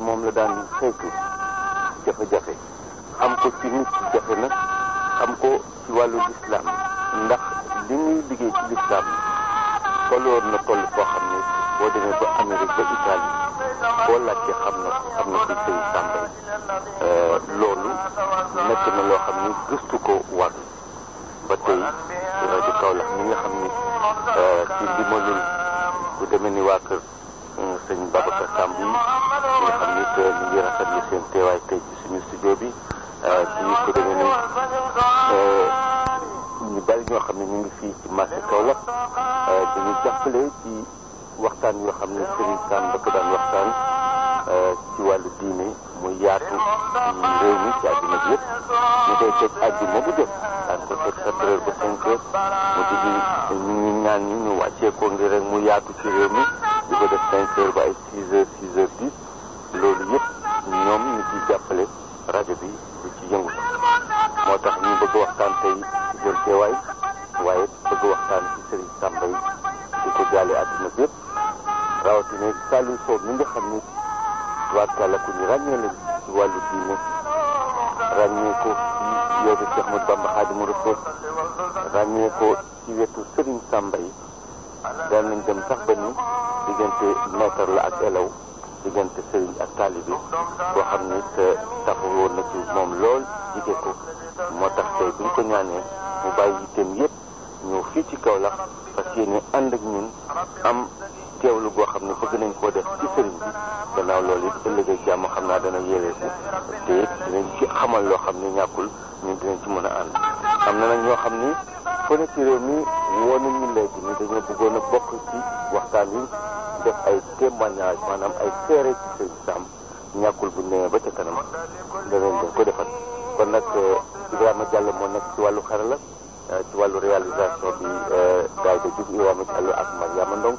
moom la daan fekk jafe-jafe xam ko ci nit jafe nag am ko ci wàllu lislaam ndax li muy liggéey ci lislaam tolloon na toll koo xam ne boo demee ba Amérique ba Italie boo laajte xam na xam ne ci sëy Sàmbay euh, loolu nekk na loo xam ni gëstu ko war ba tey di Kaolack mi nga xam ni euh, ci li ma demee ni waa kër ci seen teewaay tey ci suñu studio bi ci ko demee ni ñu ñoo xam ne ñu ngi fii ci marché Kaolack dañu jàppale ci waxtaan yoo xam ne Serigne Sam da ko daan waxtaan ci wàllu diine mu yaatu ci réew mi ci àdduna bi yëpp ñu koy teg àjjuma mu digg ñu ñaan ñi ñu wàccee ko ngir rek mu yaatu ci réew mi di ko def cinq heures ba ay ñi nga xam ni tubaarkàlla ku ñu ràññee la ci wàllu diine ràññee wetu Cheikh Ahmadou Bamba Xaadimu Rasuul ràññee ko ci wetu Serigne Samba yi daan nañ sax ba ni diggante maître la ak elaw diggante Serigne ak taalibe boo xam ni te taxawoon na ci moom lool jige ko moo tax tey buñ ko ñaanee mu bàyyi yitteem yépp ñëw fii ci kaw parce que yéen ànd ak ñun am goo xam ne bëgg nañ koo def ci sëriñ bi gannaaw loolu it ëllëg ak jàmm xam naa dana yeewee si ci xamal loo xam ne ñàkkul ñun dinañ ci mën a ànd. am na nag ñoo xam ni fa ne ci réew mi woo nañ ni dañoo bëggoon a bokk ci waxtaan yi def ay témoignage maanaam ay seere ci sëriñ Sam ñàkkul bu ñu ba ca kanam danañ leen ko defal kon nag eh, Ibrahima Diallo moo nekk ci wàllu xarala eh, ci wàllu réalisation bi daay da jug Ibrahima Diallo ak Mariama Ndong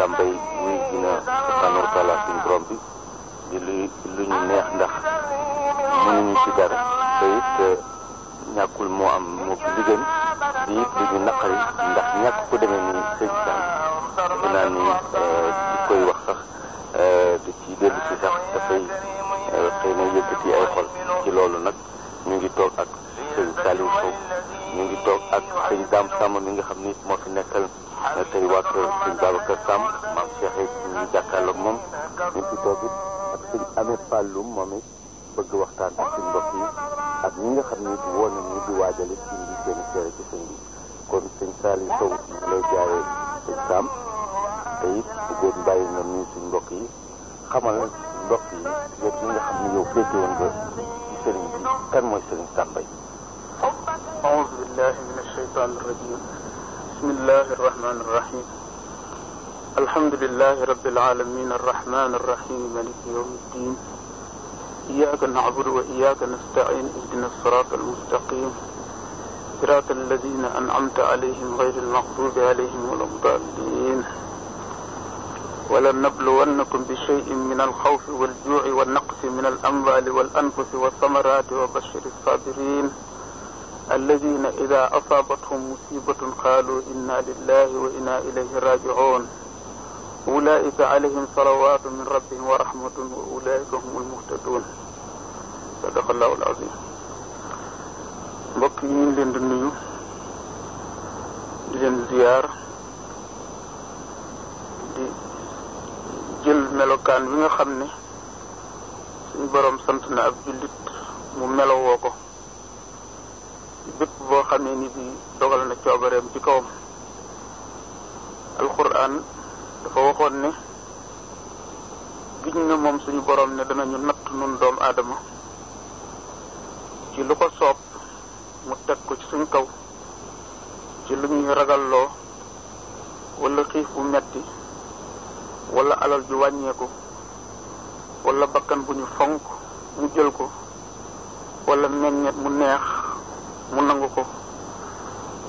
sàmbay wuy dina subhanahu wa taala bi di lu ñu neex ndax ñu ci dara te it ñàkkul moo am moo fi liggéey di it lu ñu naqari ndax ñàkk ko demee ni sëñ Saam dinaa ni euh, di koy wax sax euh, di ci dellu si sax dafay euh, xëy na yëkkati ay xol ci loolu nag ñu ngi toog ak sëñ Saliou Sow ñu ngi toog ak sëñ Dame Samb mi nga xam ni moo fi nekkal eh, tey waa kër sëñ Babacar Samb maam Cheikh it ñu ngi jàkkaarloog moom ñu ngi toog ak sëñ Ameth Palloum moom it bëgg waxtaan ak suñ yi ak ñi nga xam ni woon nañu di waajal it indi seen seere ci sëñ bi kon sëñ Saliou Sow lay jaaree sëñ Samb te it gën bàyyi nga nuyu suñ mbokk yi xamal mbokk yi yëpp ñi nga xam ni yow féete woon nga ci sëriñ bi kan mooy sëriñ Sam Mbaye أعوذ بالله من الشيطان الرجيم بسم الله الرحمن الرحيم الحمد لله رب العالمين الرحمن الرحيم مالك يوم الدين إياك نعبد وإياك نستعين اهدنا الصراط المستقيم صراط الذين أنعمت عليهم غير المغضوب عليهم ولا الضالين ولنبلونكم بشيء من الخوف والجوع والنقص من الأموال والأنفس والثمرات وبشر الصابرين alladina ida asaabathum musibatun qaalu inna lillahi wa inna ilayhi rajiun ulaika alayhim salawatu min rabbihim wa rahmatun wa ulaika humul muhtadun sadaqallahu alazim mbokk yi ñu ngi leen di nuyu di leen ziyaar di jël melokaan wi nga xam ne suñu sant na ab jullit ko boo xamee ni bi dogal na coobareem ci kawam alquran dafa waxoon ne giñ na moom suñu borom ne danañu natt nun doomu aadama ci lu ko soob mu teg ko ci suñ kaw ci lu ñuy ragalloo wala xiif bu metti wala alal ju wàññeeku wala bakkan bu ñu fonk mu jël ko wala meññet mu neex mu nangu ko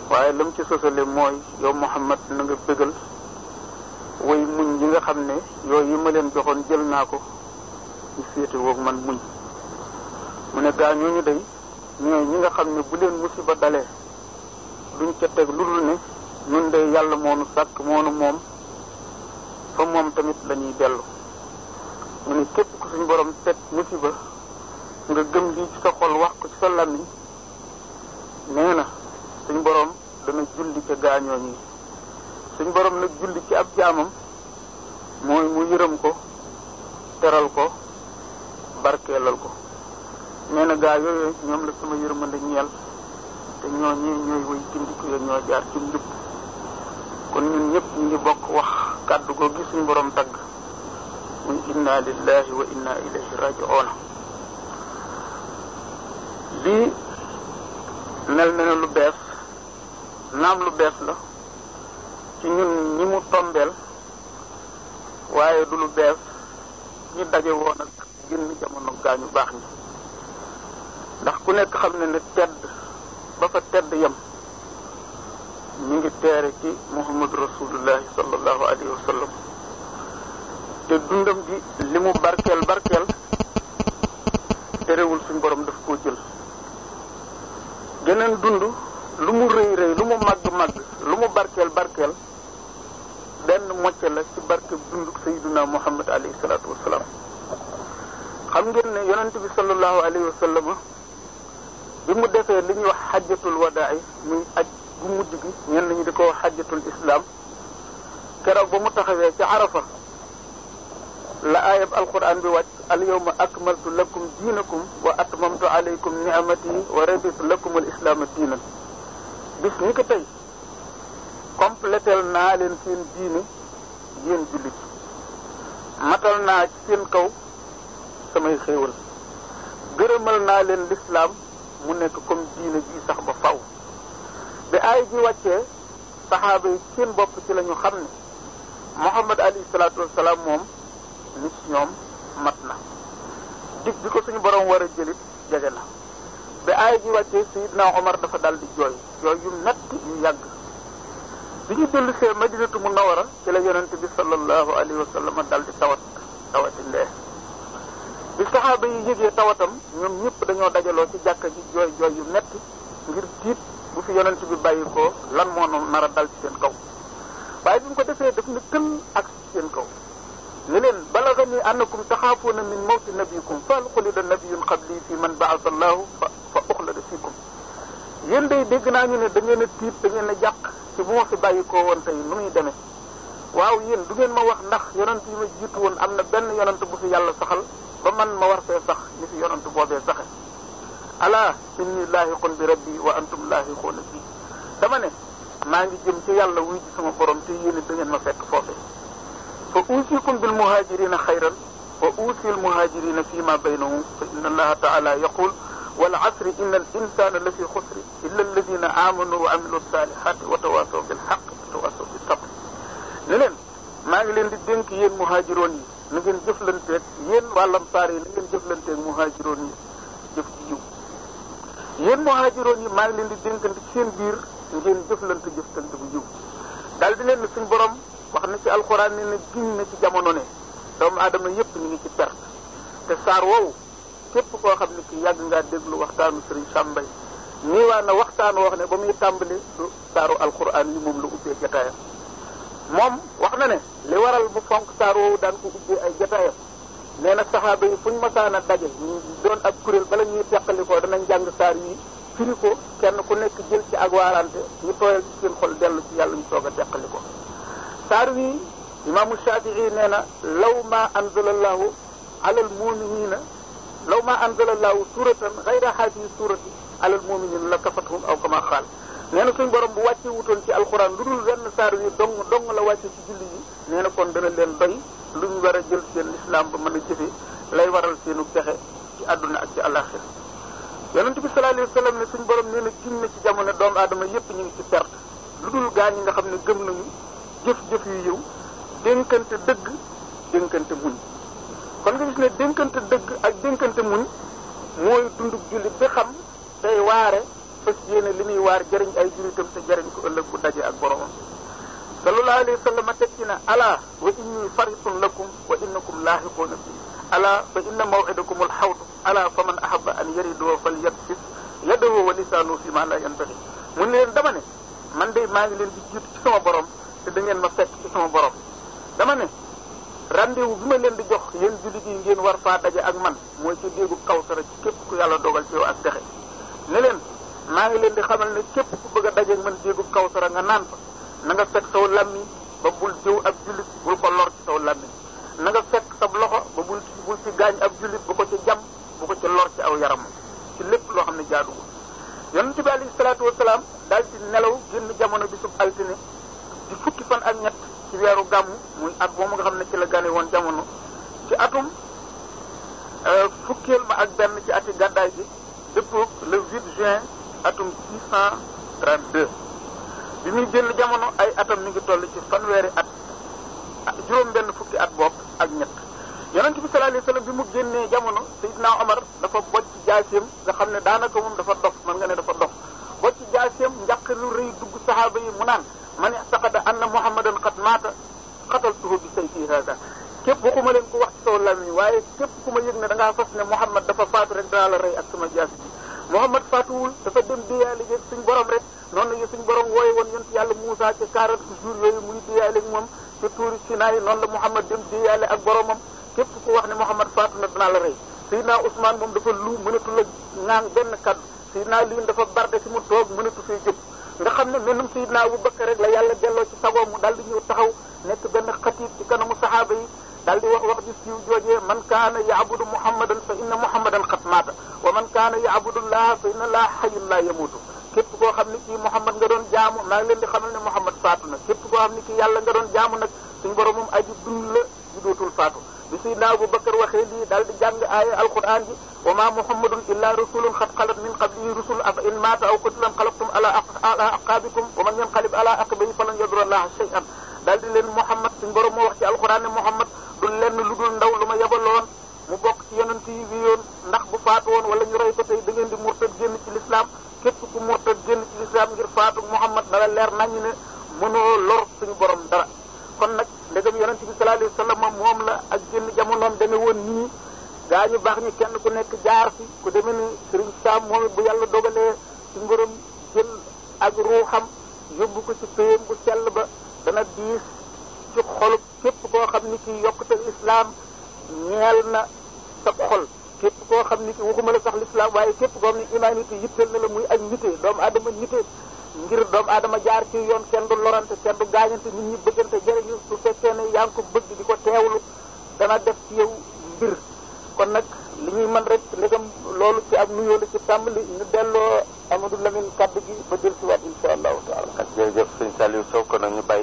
waaye lam ci sosale mooy yow Muhammad na nga bëggal way muñ yi nga xam ne yooyu yi ma leen joxoon jël naa ko ñu féete woog man muñ mu ne gaa ñu day ñooy ñi nga xam ne bu leen musiba dalee duñ ca teg lu dul ne ñun day yàlla moonu sàkk moonu moom fa moom tamit la ñuy dellu mu ne képp ku suñ borom teg musiba nga gëm lii ci sa xol wax ko ci sa làmmiñ nee na suñ boroom dana julli ca gaañoo ñi suñ borom nag julli ci ab jaamam mooy mu yërëm ko teral ko barkeelal ko nee na gaa yooyu ñoom la sama yërmande ñeel te ñoo ñee ñooy way gindiku ya ñoo jaar ci njub kon ñun ñëpp ñu ngi bokk wax kàddu ko gi suñ borom tagg muy inna lillahi wa inna ilayhi raji'un lii mel na ne lu bees naam lu bees la ci ñun ñi mu tombeel waaye du lu bees ñi daje woon ak génn jamono gaa baax ni ndax ku nekk xam ne ne tedd ba fa tedd yem mu ngi teere ci muhammadu rasulullahi sallallahu alayhi wa sallam te dundam gi li mu barkeel barkeel terewul suñu borom daf ko jël geneen dund lu mu rëy rëy lu mu màgg màgg lu mu barkeel barkeel benn mocce la ci barke dunduk sayyiduna muhammad alayhi salaatu wasalaam xam ngeen ne yonent bi sallallahu alayhi wa sallam bi mu defee li ñuy wax xajjatul wadaa muy aj bu mujj bi ñenn ñi di ko wax xajjatul islam keroog ba mu taxawee ci arafa la aayab alquran bi wàcc al yawma akmaltu lakum diinakum wa atmamtu alaykum ni'amati wa raditu lakum al islaama diinan bis ni ko tey complétel naa leen seen diini yéen jullit matal naa ci seen kaw samay xéewal gërëmal naa leen lislaam mu nekk comme diine ji sax ba faw bi aay ji wàccee saxaaba yi seen bopp ci lañu ñu xam ne Muhammad alayhi salaatu wasalaam moom nit ñoom mat na dig bi ko suñu borom war a jëlit jege na bi aay ji wàccee Seydina Omar dafa dal di jooy jooy yu metti yu yàgg bi ñu dellu see madinatu munawara ci la yonente bi sallallahu alayhi wa sallam dal di tawat tawati ndee bi saxaaba yi yëgee tawatam ñoom ñëpp dañoo dajaloo ci jàkka ji jooy jooy yu metti ngir tiit bu fi yonent bi bàyyi lan moo nar dal ci seen kaw waaye bi mu ko defee daf na tël ak seen kaw ne leen balagani annakum taxaafuuna min mawti nabiyikum fa alxulida nabiyun qabli fi man baasa allahu fa fa uxlada fiikum yéen day dégg naa ñu ne da ngeen a tiit da ngeen a jàq ci bu ma fi bàyyi ko woon tey nu muy demee waaw yéen du ngeen ma wax ndax yonent yi ma jiitu woon am na benn yonent bu fi yàlla saxal ba man ma war fee sax ni fi yonent boobee saxe ala inni laahiqun bi rabbi wa antum laahiquuna bi dama ne maa ngi jëm ci yàlla wuy sama borom te yéen ma fekk fa uusikum bil muhajirina xayran wa uusi al muhajirina fi ma baynahum fa inna allaha taala yaqul wal asri inna al insana la fi xusri illa alladina amanu wa amilu salihati wa tawasaw bil xaq wa tawasaw bi sabr ne leen maa ngi leen di dénk yéen muhajiroon yi na ngeen jëflanteeg yéen wàllam saar yi na ngeen jëflanteeg muhajiroon yi jëf ci yiw yéen muhajiroon yi maa ngi leen di dénkante ci seen biir ngeen jëflante jëftante bu yiw daal di leen ne suñ borom wax na ci alxuraan ne na giñ na ci jamono ne doomu aadama yépp ñu ngi ci perte te saar woowu képp koo xam ne ki yàgg ngaa déglu waxtaanu sëriñ Sàmbay nii waa na waxtaan wax ne ba muy tàmbali du saaru alxuraan yi moom la ubbee jataayam moom wax na ne li waral bu fonk saar woowu daan ko ubbee ay jataayam nee na saxaaba yi fuñ masaan a daje ñu doon ak kuréel bala ñuy teqalikoo danañ jàng saar yi firi kenn ku nekk jël ci ak waarante ñu tooyal ci seen xol dellu ci yàlla ñu soog a teqalikoo saar wi imaamu Shafii nee na law ma anzalallahu alal muminina law ma anzalallahu suratan xayra haadihi surati alal muminina la kafatuhum aw kama xaal nee na suñ borom bu wàccee wutoon ci alxuraan lu dul benn saar wi dong dong la wàccee ci julli yi nee na kon dana leen doy lu ñu war a jël seen lislaam ba mën a jëfee lay waral seenu pexe ci àdduna ak ci àllaaxira yonent bi sallallahu alayhi wasallam ne suñ borom nee na na ci jamono doomu aadama yépp ñu ngi ci perte lu dul gaa ñi nga xam ne gëm nañu jëf-jëf yu yiw dénkante dëgg dénkante muñ kon nga gis ne dénkante dëgg ak dénkante muñ mooy dundub jullit bi xam tey waare fas yéene li muy waar jëriñ ay jullitam te jëriñ ko ëllëg bu daje ak boromam sallallahu alayhi wa sallam teg na ala wa inni faritun lakum wa innakum laaxiquuna bi ala fa inna maw'idakum al-hawd ala fa man ahabba an yaridu falyabsis yadahu wa lisaanu fi ma la yantaxi mu ne leen dama ne man de maa ngi leen di jiitu ci sama borom te da ngeen ma fekk ci sama borom dama ne rendez-vous bi ma leen di jox yéen jullit yi ngeen war faa daje ak man mooy ci déggu kawsara ci képp ku yàlla dogal ci ak texe ne leen maa ngi leen di xamal ne képp ku bëgg a daje ak man déggu kawsara nga naan fa na nga fekk saw làmmiñ ba bul jëw ab jullit bul ko lor ci saw làmmiñ nanga nga fekk sab loxo ba bul bul ci gaañ ab jullit bu ko ci jam bu ko ci lor ci aw yaram ci lépp loo xam ne jaaduwul yonent bi alayhi salaatu wasalaam daal ci nelaw génn jamono bisub altine di fukki fan ak ñett ci weeru gàmmu muy at moomu nga xam ne ci la gane woon jamono ci atum euh, fukkeel ma ak benn ci ati gàddaay gi dëppoo le 8 juin atum 632 bi muy génn jamono ay atam mi ngi toll ci fanweeri at juróom benn fukki at bopp ak ñett yonent bi sallallahu alayhi wasallam bi mu génnee jamono Seydina Omar dafa bocc jaaseem nga xam ne daanaka moom dafa dof man nga ne dafa dof bocc jaaseem njàq lu rëy dugg saxaaba yi mu naan man i'taqada anna muhammadan qad maata qataltuhu bi sayfi hada képp waxuma leen ko wax ci saw lamiñ waaye képp ku ma yëg ne da ngaa fas ne muhammad dafa faatu rek danaa la rey ak sama jaas bi muhammad faatuwul dafa dem déyaale jeeg suñ borom borom wooye woon yàlla Muusaa ca 40 jours muy déyaale moom ca tuuri Sinaay noonu la muhammad dem déyaale ak boromam képp ku wax ne muhammad faatu na danaa la rey Seydina Ousmane moom dafa lu mënatu la ŋaang benn kaddu naa Aliyu dafa barde si mu toog mënatu fee jëm nga xam ne mennum Sayyidna Abu Bakar rek la yàlla delloo ci sagoom mu daal di ñëw taxaw nekk benn xatiib ci kanamu saxaaba yi daal di wax wax ji siiw joojee man kaana ya'budu muhammadan fa inna muhammadan qad maata wa man kaana ya'budu laa fa inna llaha hayyun la yamutu képp koo xam ne kii Muhammad nga doon jaamu maa ngi leen di xam ne Muhammad faatu na képp koo xam ne kii yàlla nga doon jaamu nag suñu borom moom aji la ju dootul faatu bi sayyidina Abu Bakar waxee lii daal di jàng aaya alquran ji wa ma muhammadun illa rasulun qad xalat min qablihi rusul afa in mata aw qutila inqalabtum ala ala aqabikum wa man yanqalib ala aqibihi falan yadurra allaha shay'an daal di leen Muhammad suñu borom moo wax ci alquran ne Muhammad du lenn lu dul ndaw lu ma yebaloon mu bokk ci yonent yi wi yoon ndax bu faatu woon wala ñu rey ko tey da ngeen di murtad génn ci l'islam képp ku murtad génn ci l'islam ngir faatu Muhammad na la leer nañu ne mënoo lor suñu borom dara kon nag ndegam yonent bi sallallahu alayhi wa moom la ak génn jamonoom deme woon nii gaa ñu baax ñi kenn ku nekk jaar fi ku demee ni Serigne Sam moom bu yàlla dogalee ci ngërëm jël ak ruuxam yóbbu ko ci péyam bu sell ba dana diis ci xolub képp koo xam ni ki yokkute islam ñeel na sa xol képp koo xam ni ki waxuma la sax l'islam waaye képp koo ni imanité yitteel na la muy ak nité doomu adama nité ngir doom adama jaar ci yoon kenn du lorante kenn du gaañante nit ñi bëggante jëriñu su fekkee ne yaa ko bëgg di ko teewlu dana def ci yow mbir kon nag li ñuy mën rek ndegam loolu ci ab nuyoo la ci tàmbali ñu delloo Amadou Lamine kaddu gi ñu bàyyi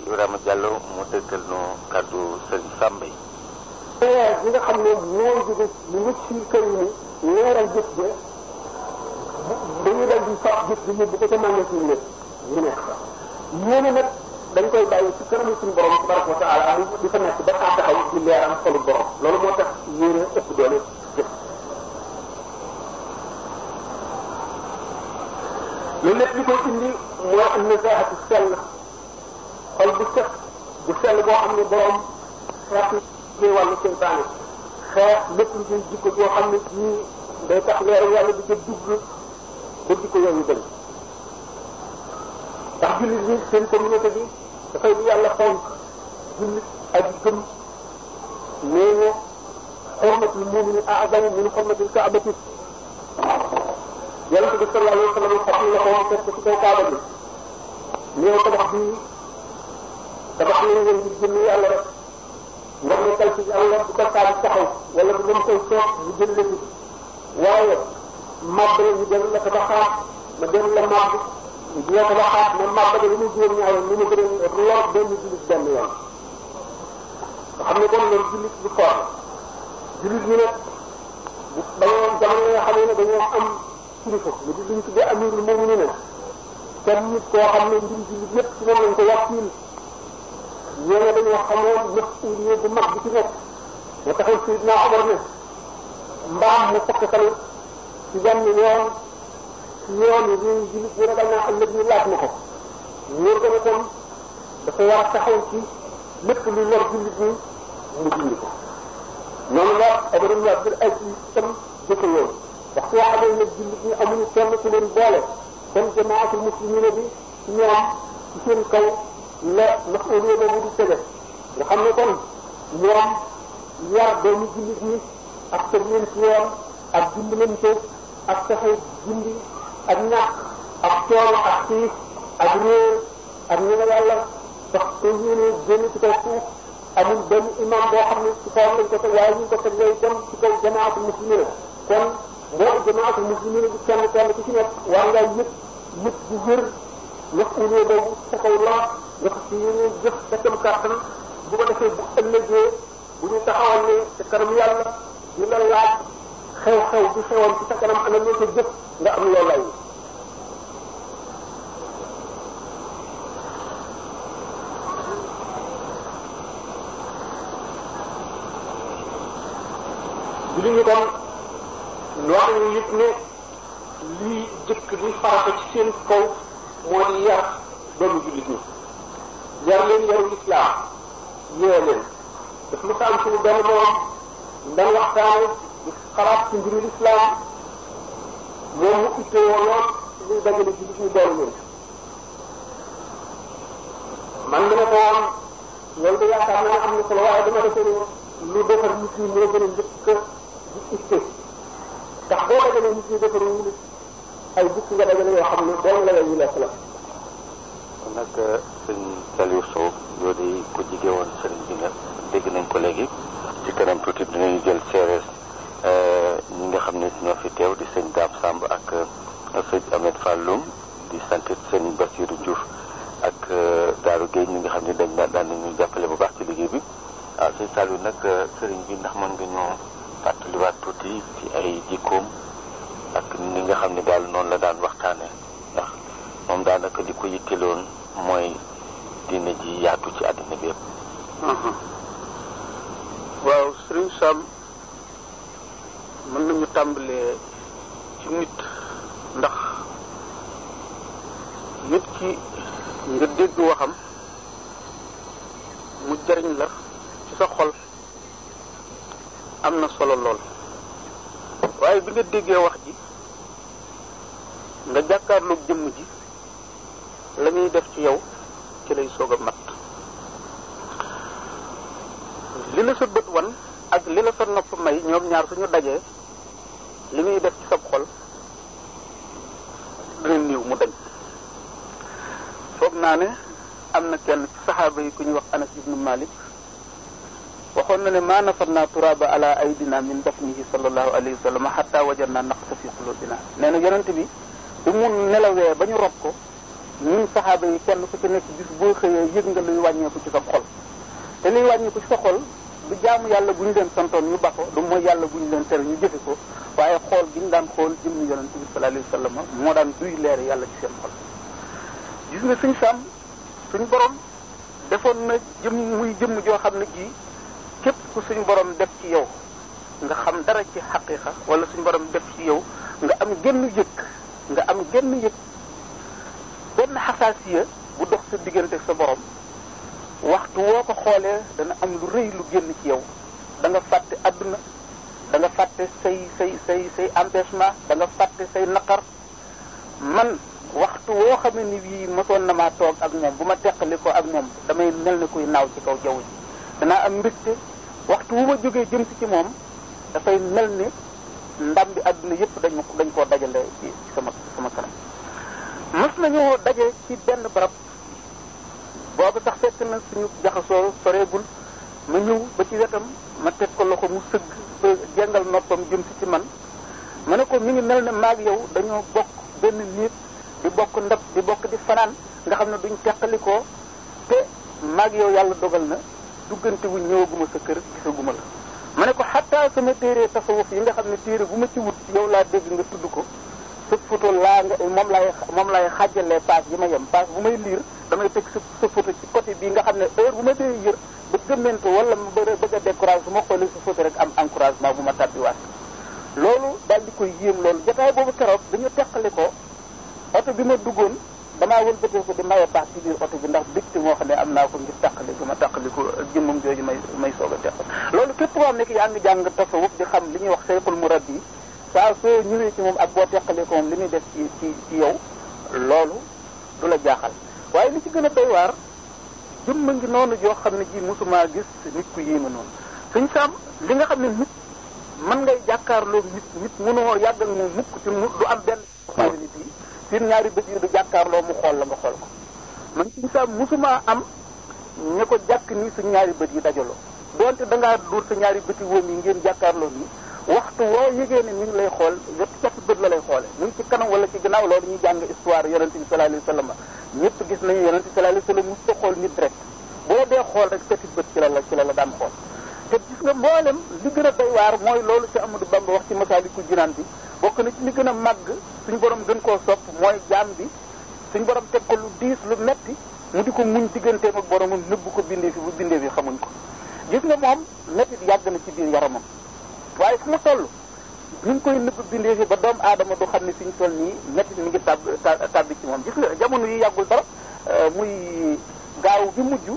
Ibrahima Diallo mu déggal ñu kaddu sëñ Samba mu nekk fa yéene nag dañ koy bàyyi ci kanamu suñu borom tabaraka wa taala di fa nekk ba saa taxaw leeram xolu borom loolu moo tax yéene ëpp doole jëf loolu lépp li koy indi mooy boo xam ne borom xeex seytaane xeex lépp lu koy jikko yoo xam ne ñii day tax leeru yàlla di ca dugg ba jikko yooyu bëri ndax jullit ñi seen communauté bi dafay lu yàlla fonk jullit ak gëm nee na xormatul mumini a'zamu min xormatil kaabati yonente bi sallallahu alayhi wa sallam xat yi la ko woon fekk ci kaw kaaba bi nee tabax bii tabax nañ leen ngir jëmm yàlla rek nga nekkal ci yàlla bu ko saabu taxaw wala bu dem koy soob bu jël leen waaye màbb la ñu dem la tabaxaat ma dem la màbb juróom la xaat ne màgg li muy juróom ñaari li mu gën a lor benn jullit benn yoon nga xam ne kon loolu jullit bu foor la jullit ñu nag bu dañoo jamono yi nga xam ne dañoo am kilifa lu di luñ tuddee amirul mu'minin kenn nit koo xam ne mbir jullit yépp ci moom lañ ko wàccil ñoo ne dañoo xamoon mas'uliye bu mag bi ci nekk moo taxoon Seydina Omar ne mbaam mu fekk ci benn yoon yoon wi jullit ñu ragal naa ëllëg ñu laaj na ko wóor ko ne kon dafa war a taxaw ci lépp lu lor jullit ñi mu dindi ko noonu la Abdul Aziz tam jëfe yoon wax soo xamee ne jullit ñi amuñu kenn ku leen boole kon jamaatul muslimina bi ci ñoom ci seen kaw la masuuliya boobu di tege nga xam ne kon ñoom yar doomu jullit ñi ak teg leen ci yoon ak dindi leen ak taxaw dindi ak ñàkk ak coono ak xiif ak réer ak ñu ne yàlla sax te ñu ne génn ci kaw benn imam boo xam ne ci kawam lañ ko teg waaye ñu ngi ko teg ngay dem muslimina kon boo jamaatu muslimina bi kenn kenn ku ci nekk war nga yëpp yëpp di wér ndax ulee boobu sa kaw laaj ndax si yéen jëf sa kam kàttan bu ko defee bu ëllëgee bu ñu taxawal ne li ñu doon di jullit ñi yar leen yaru islaam yee leen daf ma saam suñu benn moom dan waxtaane xalaat ci mbiru lislaam moom mu ittee woon lool luy dajale jullit ñi doolu ñun man dama ko woon loolu da yaakaar naa am na solo waaye dama defee lu defar nit ñi moo gën a njëkk di nga dajale yoo xam ne nag euh, sëñ Saliou soow yoo de ko jige woon sëriñ bi nga dégg nañ ko léegi ci kanam tuuti dinañu jël séeréer euh, ñi nga xam ne ñoo fi teew di sëñ Dame sàmb ak euh, sëñ Ahmed Falloum di sant sëñ Bassirou Diouf ak Daaru Gueye ñi nga xam ne dañ daan nañu jàppale bu baax ci liggéey bi waaw ah, sëñ Saliou nag sëriñ bi ndax man nga ñoo fàttaliwaat tuuti ci ay jikkoom ak ni nga xam ne daal noonu la daan waxtaane ndax moom daanaka di ko yitteloon mooy diine ji yaatu ci àddina bi mhm. waaw Sëriñ mën nañu tàmbalee ci nit ndax nit ki nga dégg waxam mu jariñ la ci sa xol am na solo lool waaye bi nga déggee wax ji nga jàkkaarloog jëmm ji la muy def ci yow ci lay soog a mat li la sa bët wan ak li la sa nopp may ñoom ñaar suñu dajee li muy def ci sab xol dina niiw mu dañ foog naa ne am na kenn ci saxaaba yi ku ñu wax Anas ibnu Malik waxoon na ne maa nafarnaa turaaba ala aydina min dafnihi sallallahu alayhi wa sallam xatta wajanna naqsa fi qulubina nee na yonent bi bu mu nelawee ba ñu rob ko ñun saxaaba yi kenn ku ci nekk bis boo xëyee yëg nga luy wàññeeku ci sa xol te luy wàññeeku ci sa xol lu jaamu yàlla bu ñu leen santoon ñu ba ko du mooy yàlla bu ñu leen tere ñu jëfe ko waaye xool gi ñu daan xool jëmm yonent bi sallallahu alayhi wa sallam moo daan duy leer yàlla ci seen xol gis nga suñ suñ borom defoon na jëmm muy jëmm joo xam ne jii képp ku suñ borom def ci yow nga xam dara ci xaqiqa wala suñ borom def ci yow nga am genn yëg nga am genn yëg benn xasaasiya bu dox sa diggante sa borom waxtu woo ko xoolee dana am lu rëy lu génn ci yow da nga fàtte àdduna da nga fàtte say say say say empêchement da fàtte say naqar man waxtu woo xam ne ni bii mosoon na maa toog ak moom bu ma teqali ko ak moom damay mel ni kuy naaw ci kaw jaww ji danaa am mbégte waxtu wu ma jógee jëm ci moom dafay mel ni ndam bi àdduna yëpp dañ ko dañ koo dajale ci sama sama kanam mos nañoo daje ci benn barab boobu sax fekk na suñu jaxasoo soreegul ma ñëw ba ci wetam ma teg ko loxo mu sëgg ba jengal noppam jëm ci man ma ne ko mi ngi mel ne maag yow dañoo bokk benn nit di bokk ndab di bokk di fanaan nga xam ne duñ teqalikoo te maag yow yàlla dogal na duggante ñëw ñëwaguma sa kër gisaguma la ma ne ko xataa sama téere tasawuf yi nga xam ne téere bu ma ci wut yow laa dégg nga tudd ko sa photo laa nga moom lay moom lay xàjjalee paas yi ma yem paas bu may liir damay teg sa sa ci côté bii nga xam ne heure bu ma dee yër ba ko wala ma bëgg a décourage su ma xoolee sa photo rek am encouragement bu ma tàbbiwaat loolu daal di koy yéem loolu jotaay boobu keroog dañu teqali ko oto bi ma duggoon damaa wëlbateeku di maye baax ci biir oto bi ndax bicti moo xam ne am naa ko ngir tàqali gu ma tàqali ko ak jooju may may soog a teqal loolu képp koo xam ne ki yaa ngi jàng tasawuf di xam li ñuy wax sayxul murabbi yi saa soo ñëwee ci moom li muy def ci ci ci yow loolu du la jaaxal waaye li ci gën a doy waar jëmma ngi noonu joo xam ne ji mosumaa gis nit ku yéeme noonu suñ saam li nga xam ne nit mën ngay jàkkaarloo nit nit mënoo yàggal moom mukk ci mu du am benn nit yi seen ñaari bët yi du jàkkaarloo mu xool la nga xool ko man suñ saa musuma am ña ko jàkk nii suñ ñaari bët yi dajaloo donte da ngaa duur sa ñaari bët yi woom yi ngeen jàkkaarloo nii waxtu woo yëgee ne mi ngi lay xool yot cati bët la lay xoole mu ngi ci kanam wala ci gannaaw loolu ñuy jàng histoire yonente bi sallallahu alayhi wasallam ñëpp gis nañu yonente bi sallallahu alayhi wasallam mu sa xool nit rek boo dee xool rek cati bët ci la la ci la la daan xool te gis nga mboolem li gën a doy waar mooy loolu ci Amadou Bamba wax ci Masaalikul Jinaan bi bokk na ci li gën a màgg suñu boroom gën koo sopp mooy jaam bi suñu borom teg ko lu diis lu metti mu di ko muñ digganteem ak boromam nëbb ko bindee fi bu bindee fi xamuñ ko gis nga yàgg na ci biir yaramam waaye fu mu toll ñu koy nëbb bindee fi ba aadama du xam ne fi ñu toll nii metti mi ngi tab ci moom gis yi yàggul dara euh, muy gaaw bi mujj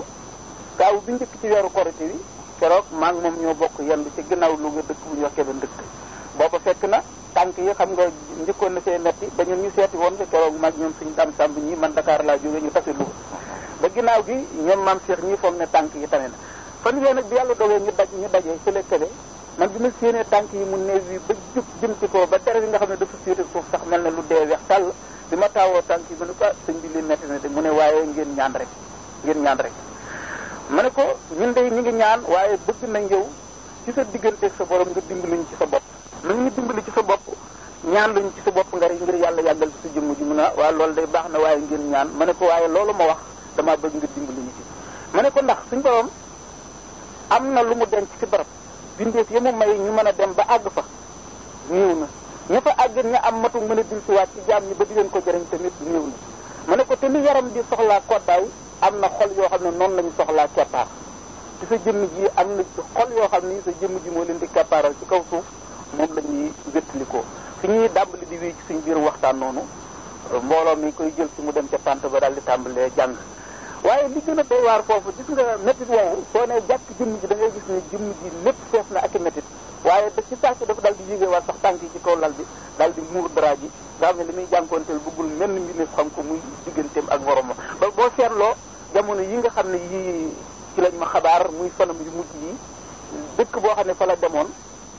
gaaw bi njëkk ci weeru korité wi keroog maa ngi moom ñoo bokk yendu ci ginnaaw lu nga dëkk bu ñu waxee ba ndëkk booba fekk na tànk yi xam nga njëkkoon na see metti ba ñun ñu seeti woon sa keroog mag ñoom suñu dam samb ñi man Dakar laa jóge ñu tase Louga ba ginnaaw gi ñoom maam Cheikh ñii foog ne tànk yi tane na fan yee nag bi yàlla dogee ñu daj ñu dajee fële kële man bi ma séenee tànk yi mu neew yi ba jub ko ba tere bi nga xam ne dafa féete suuf sax mel na lu dee weex tàll bi ma taawoo tànk yi mu ne ko ah, sëñ bi mu ne waaye ngeen ñaan rek ngeen ñaan rek ma ne ko ñun de ñu ngi ñaan waaye bëgg na yow ci sa diggante sa borom nga dimbaluñ ci sa bopp na ñu dimbali ci sa bopp ñaan lañu ci sa bopp nga rek ngir yàlla yàggal ci sa jëmm ji mun a waaw loolu day baax na waaye ngeen ñaan ma ne ko waaye loolu ma wax dama bëgg nga dimbali ñu ci ma ne ko ndax suñ borom am na lu mu denc si barab bindeef ya mu may ñu mën a dem ba àgg fa ñëw na ñu fa àgg ña am matu mën a dil siwaat ci jaam ñi ba di leen ko jëriñ tamit ñëw na ma ne ko te li yaram di soxlaa koddaay am na xol yoo xam ne noonu lañu soxlaa keppaar ci sa jëmm ji am na xol yoo xam ne sa jëmm ji moo leen di keppaaral ci kaw suuf moom la ñuy wéttalikoo fi ñuy dàmbali di wéy ci suñu biir waxtaan noonu mbooloo mi koy jël ci mu dem ca tànt ba daal di tàmbalee jàng waaye li gën a doy waar foofu gis nga métit woowu soo nee jàkk jëmm ji da ngay gis ne jëmm ji lépp fees na ak i métit waaye da ci saasi dafa daal di yégee waat sax tànk yi ci kaw lal bi daal di muur dara ji nga xam ne li muy jànkoonteel bëggul menn mbindeef xam ko muy digganteem ak moromam ba boo seetloo jamono yi nga xam ne yii ci lañ ma xabaar muy fanam yu mujj yi dëkk boo xam ne fa la demoon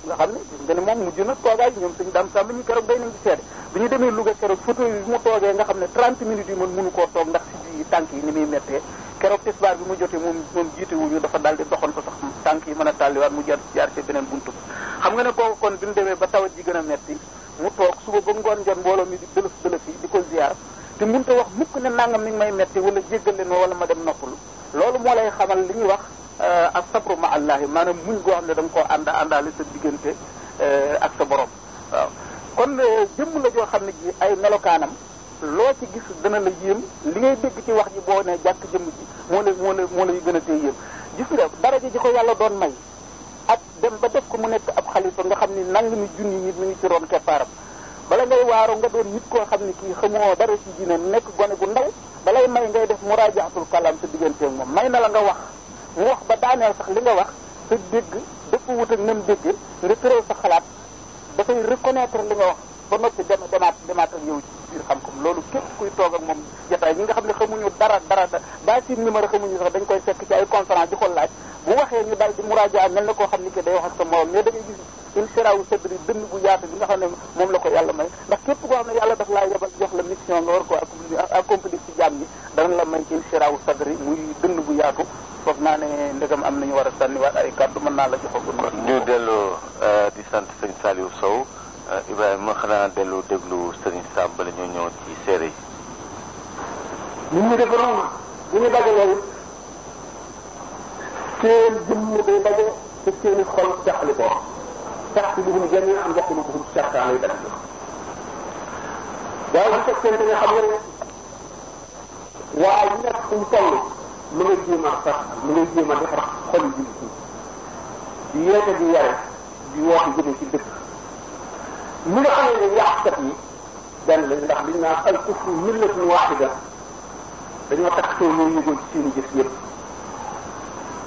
nga xam ne gis nga ne moom mujj na toogaay ñoom suñu daan sàmm ñu keroog day nañ ci seede bi ñu demee Louga keroog photo yi mu toogee nga xam ne 30 minutes yi man mënu koo toog ndax si ji yi ni a tàlliwaat mu jaar jaar ci beneen buntu xam nga ne kooku bi ñu demee ba tawat ji gën a metti mu toog suba ba ngoon jot mbooloo mi di dëlëf dëlëf yi di ko ziar te mënut a wax mukk ne nangam mi may metti wala jéggal leen wala ma dem noppalu loolu moo lay xamal li ñuy wax Euh, ak sabru ma allahi maanaam muñ goo xam ne da nga koo ànda àndaale sa diggante euh, ak sa borom waaw kon euh, jëmm la joo xam ne ji ay melokaanam loo ci gis dana la yéem li ngay dégg ci wax ji boo ne jàkk jëmm ji moo la moo la moo lay gën a tee yéem gis nga daraja ji ko yàlla doon may ak dem ba def ko mu nekk ab xalifa nga xam ni nangami junni nit mu ngi ci roon keppaaram bala ngay waaru nga doon nit koo xam ne kii xamoo dara ci diine nekk gone gu ndaw balay may ngay def muraajatul kalaam sa digganteeg moom may na la nga wax mu wax ba daaneel sax li nga wax sa dégg dëpp wut ak nam dégg nga tëral sa xalaat dafay reconnaître li nga wax ba noppi dem demaat demaat ak yow ci xam-xam loolu képp kuy toog ak moom jotaay ñi nga xam ne xamuñu dara dara ba ci numéro xamuñu sax dañ koy fekk ci ay conférence di ko laaj bu waxee ñu daal di muraaja mel na koo xam ni que day wax ak sa morom mais da ngay gis une serawu sadri dënn bu yaatu bi nga xam ne moom la ko yàlla may ndax képp koo xam ne yàlla daf laa jox la mission nga war ko accomplir ci jaam ñi dana la may une serawu sadri muy dënn bu yaatu ndegam am nañu war a sànniwaat ay kàddu man naa la joxagul. kon ñu dellu euh, di sant sëñ Saliou Sow euh, Ibrahima xanaa dellu déglu sëñ Samb la ñu ñëw ci seere yi. nit ñi dafa ñu dajalee waaye bu fekkente ne xam nga waaye ñett fu mu toll. mu nga jéem a sax mu ngay jéem a defar xol yi di yeete di yare di woote jëme ci dëkk mi nga xam ne yàqkat yi benn lañ ndax liñ naan al kufru millatun waxida dañoo takk soo ñoo yëgoo ci seeni jëf yëpp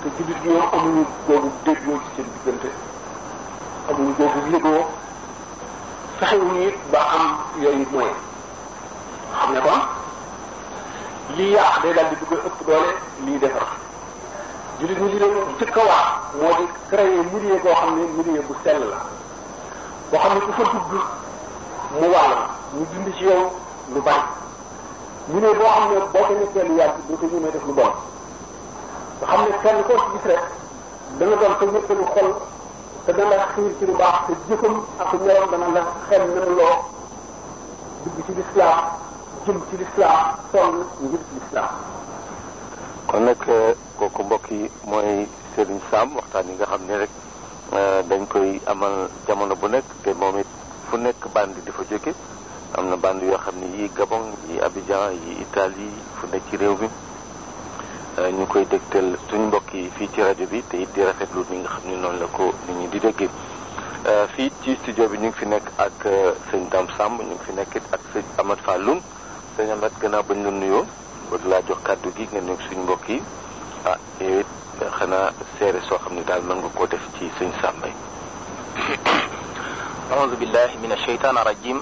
te jullit yi ñoom amuñu googu dégloo ci seen diggante amuñu googu yëgoo fexewuñu it ba am yooyu moyen xam ne kon lii yàq day daal di bëgg ëpp doole lii defar jullit ñi li leen jëkk a moo di créer milieu boo xam ne milieu bu sell la boo xam ne ku fa dugg mu wàll ñu dund ci yow lu bari milieu boo xam ne boo ko nekkee lu yàgg doo ko ñëmee def lu bon nga xam ne kenn koo ci gis rek danga doon sa yëppalu xol te dana la xiir ci lu baax te jëfam ak ñorom dana la xem ne loo dugg ci lislaam jëm ci lislaam sonn kon nag euh, kooku mbokk yi mooy Serigne Sam waxtaan yi nga xam ne rek euh, dañ koy amal jamono bu nekk te moom it fu nekk bandi di fa jóge am na band yoo xam ne yii Gabon yi Abidjan yi Italie fu nekk ci réew mi euh, ñu koy dégtal suñu mbokk yi fii ci rajo bi te it di rafetlu ni nga xam ne noonu la ko nit ñi di déggee fii ci studio bi ñu ngi fi nekk ak sëñ Dame Samb ñu ngi fi nekk ak sëñ Amath Falloum sëñ Amat gannaaw bañ la nuyoo bëgg laa jox kàddu gi nga nekk suñ mbokk yi ah yow xanaa seere soo xam ne daal mën nga koo def ci sëñ Samba yi. أعوذ بالله من الشيطان الرجيم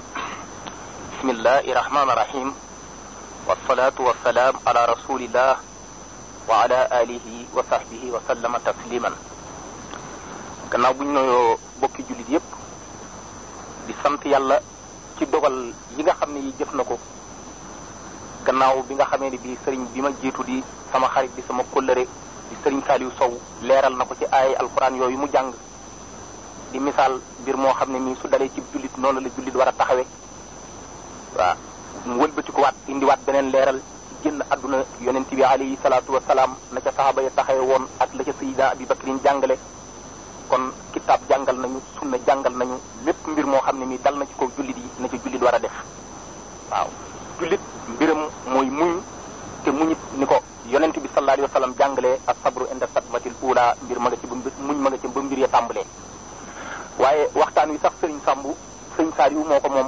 بسم الله الرحمن الرحيم والصلاة والسلام على رسول الله وعلى آله وصحبه وسلم تسليما gannaaw bu nuyoo bokki jullit yépp di sant yàlla ci dogal yi nga xam ne yi jëf na ko gannaaw bi nga xamee ni bii sëriñ bi ma jiitu di sama xarit di sama kóllëre di sëriñ Saliou Sow leeral na ko ci ay alxuraan yooyu mu jàng di misaal mbir moo xam ne nii su dalee ci jullit noonu la jullit war a taxawee waaw mu wëlbatikuwaat indiwaat beneen leeral ci génn àdduna yonent bi alayhi salaatu wa salaam na ca saxaaba ya taxee woon ak la ca sayida abi bakrin jàngale kon kitaab jàngal nañu sunna jàngal nañu lépp mbir moo xam ne nii dal na ci kaw jullit yi na ca war a def waaw jullit mbiram mooy muñ te muñit ni ko yonent bi sallallahu alayhi wa sallam jàngalee ak sabru inda sadmatil ula mbir ma nga ci ba muñ ma nga ci ba mbir ya tàmbalee waaye waxtaan wi sax sëriñ sàmb sëriñ saar yu moo ko moom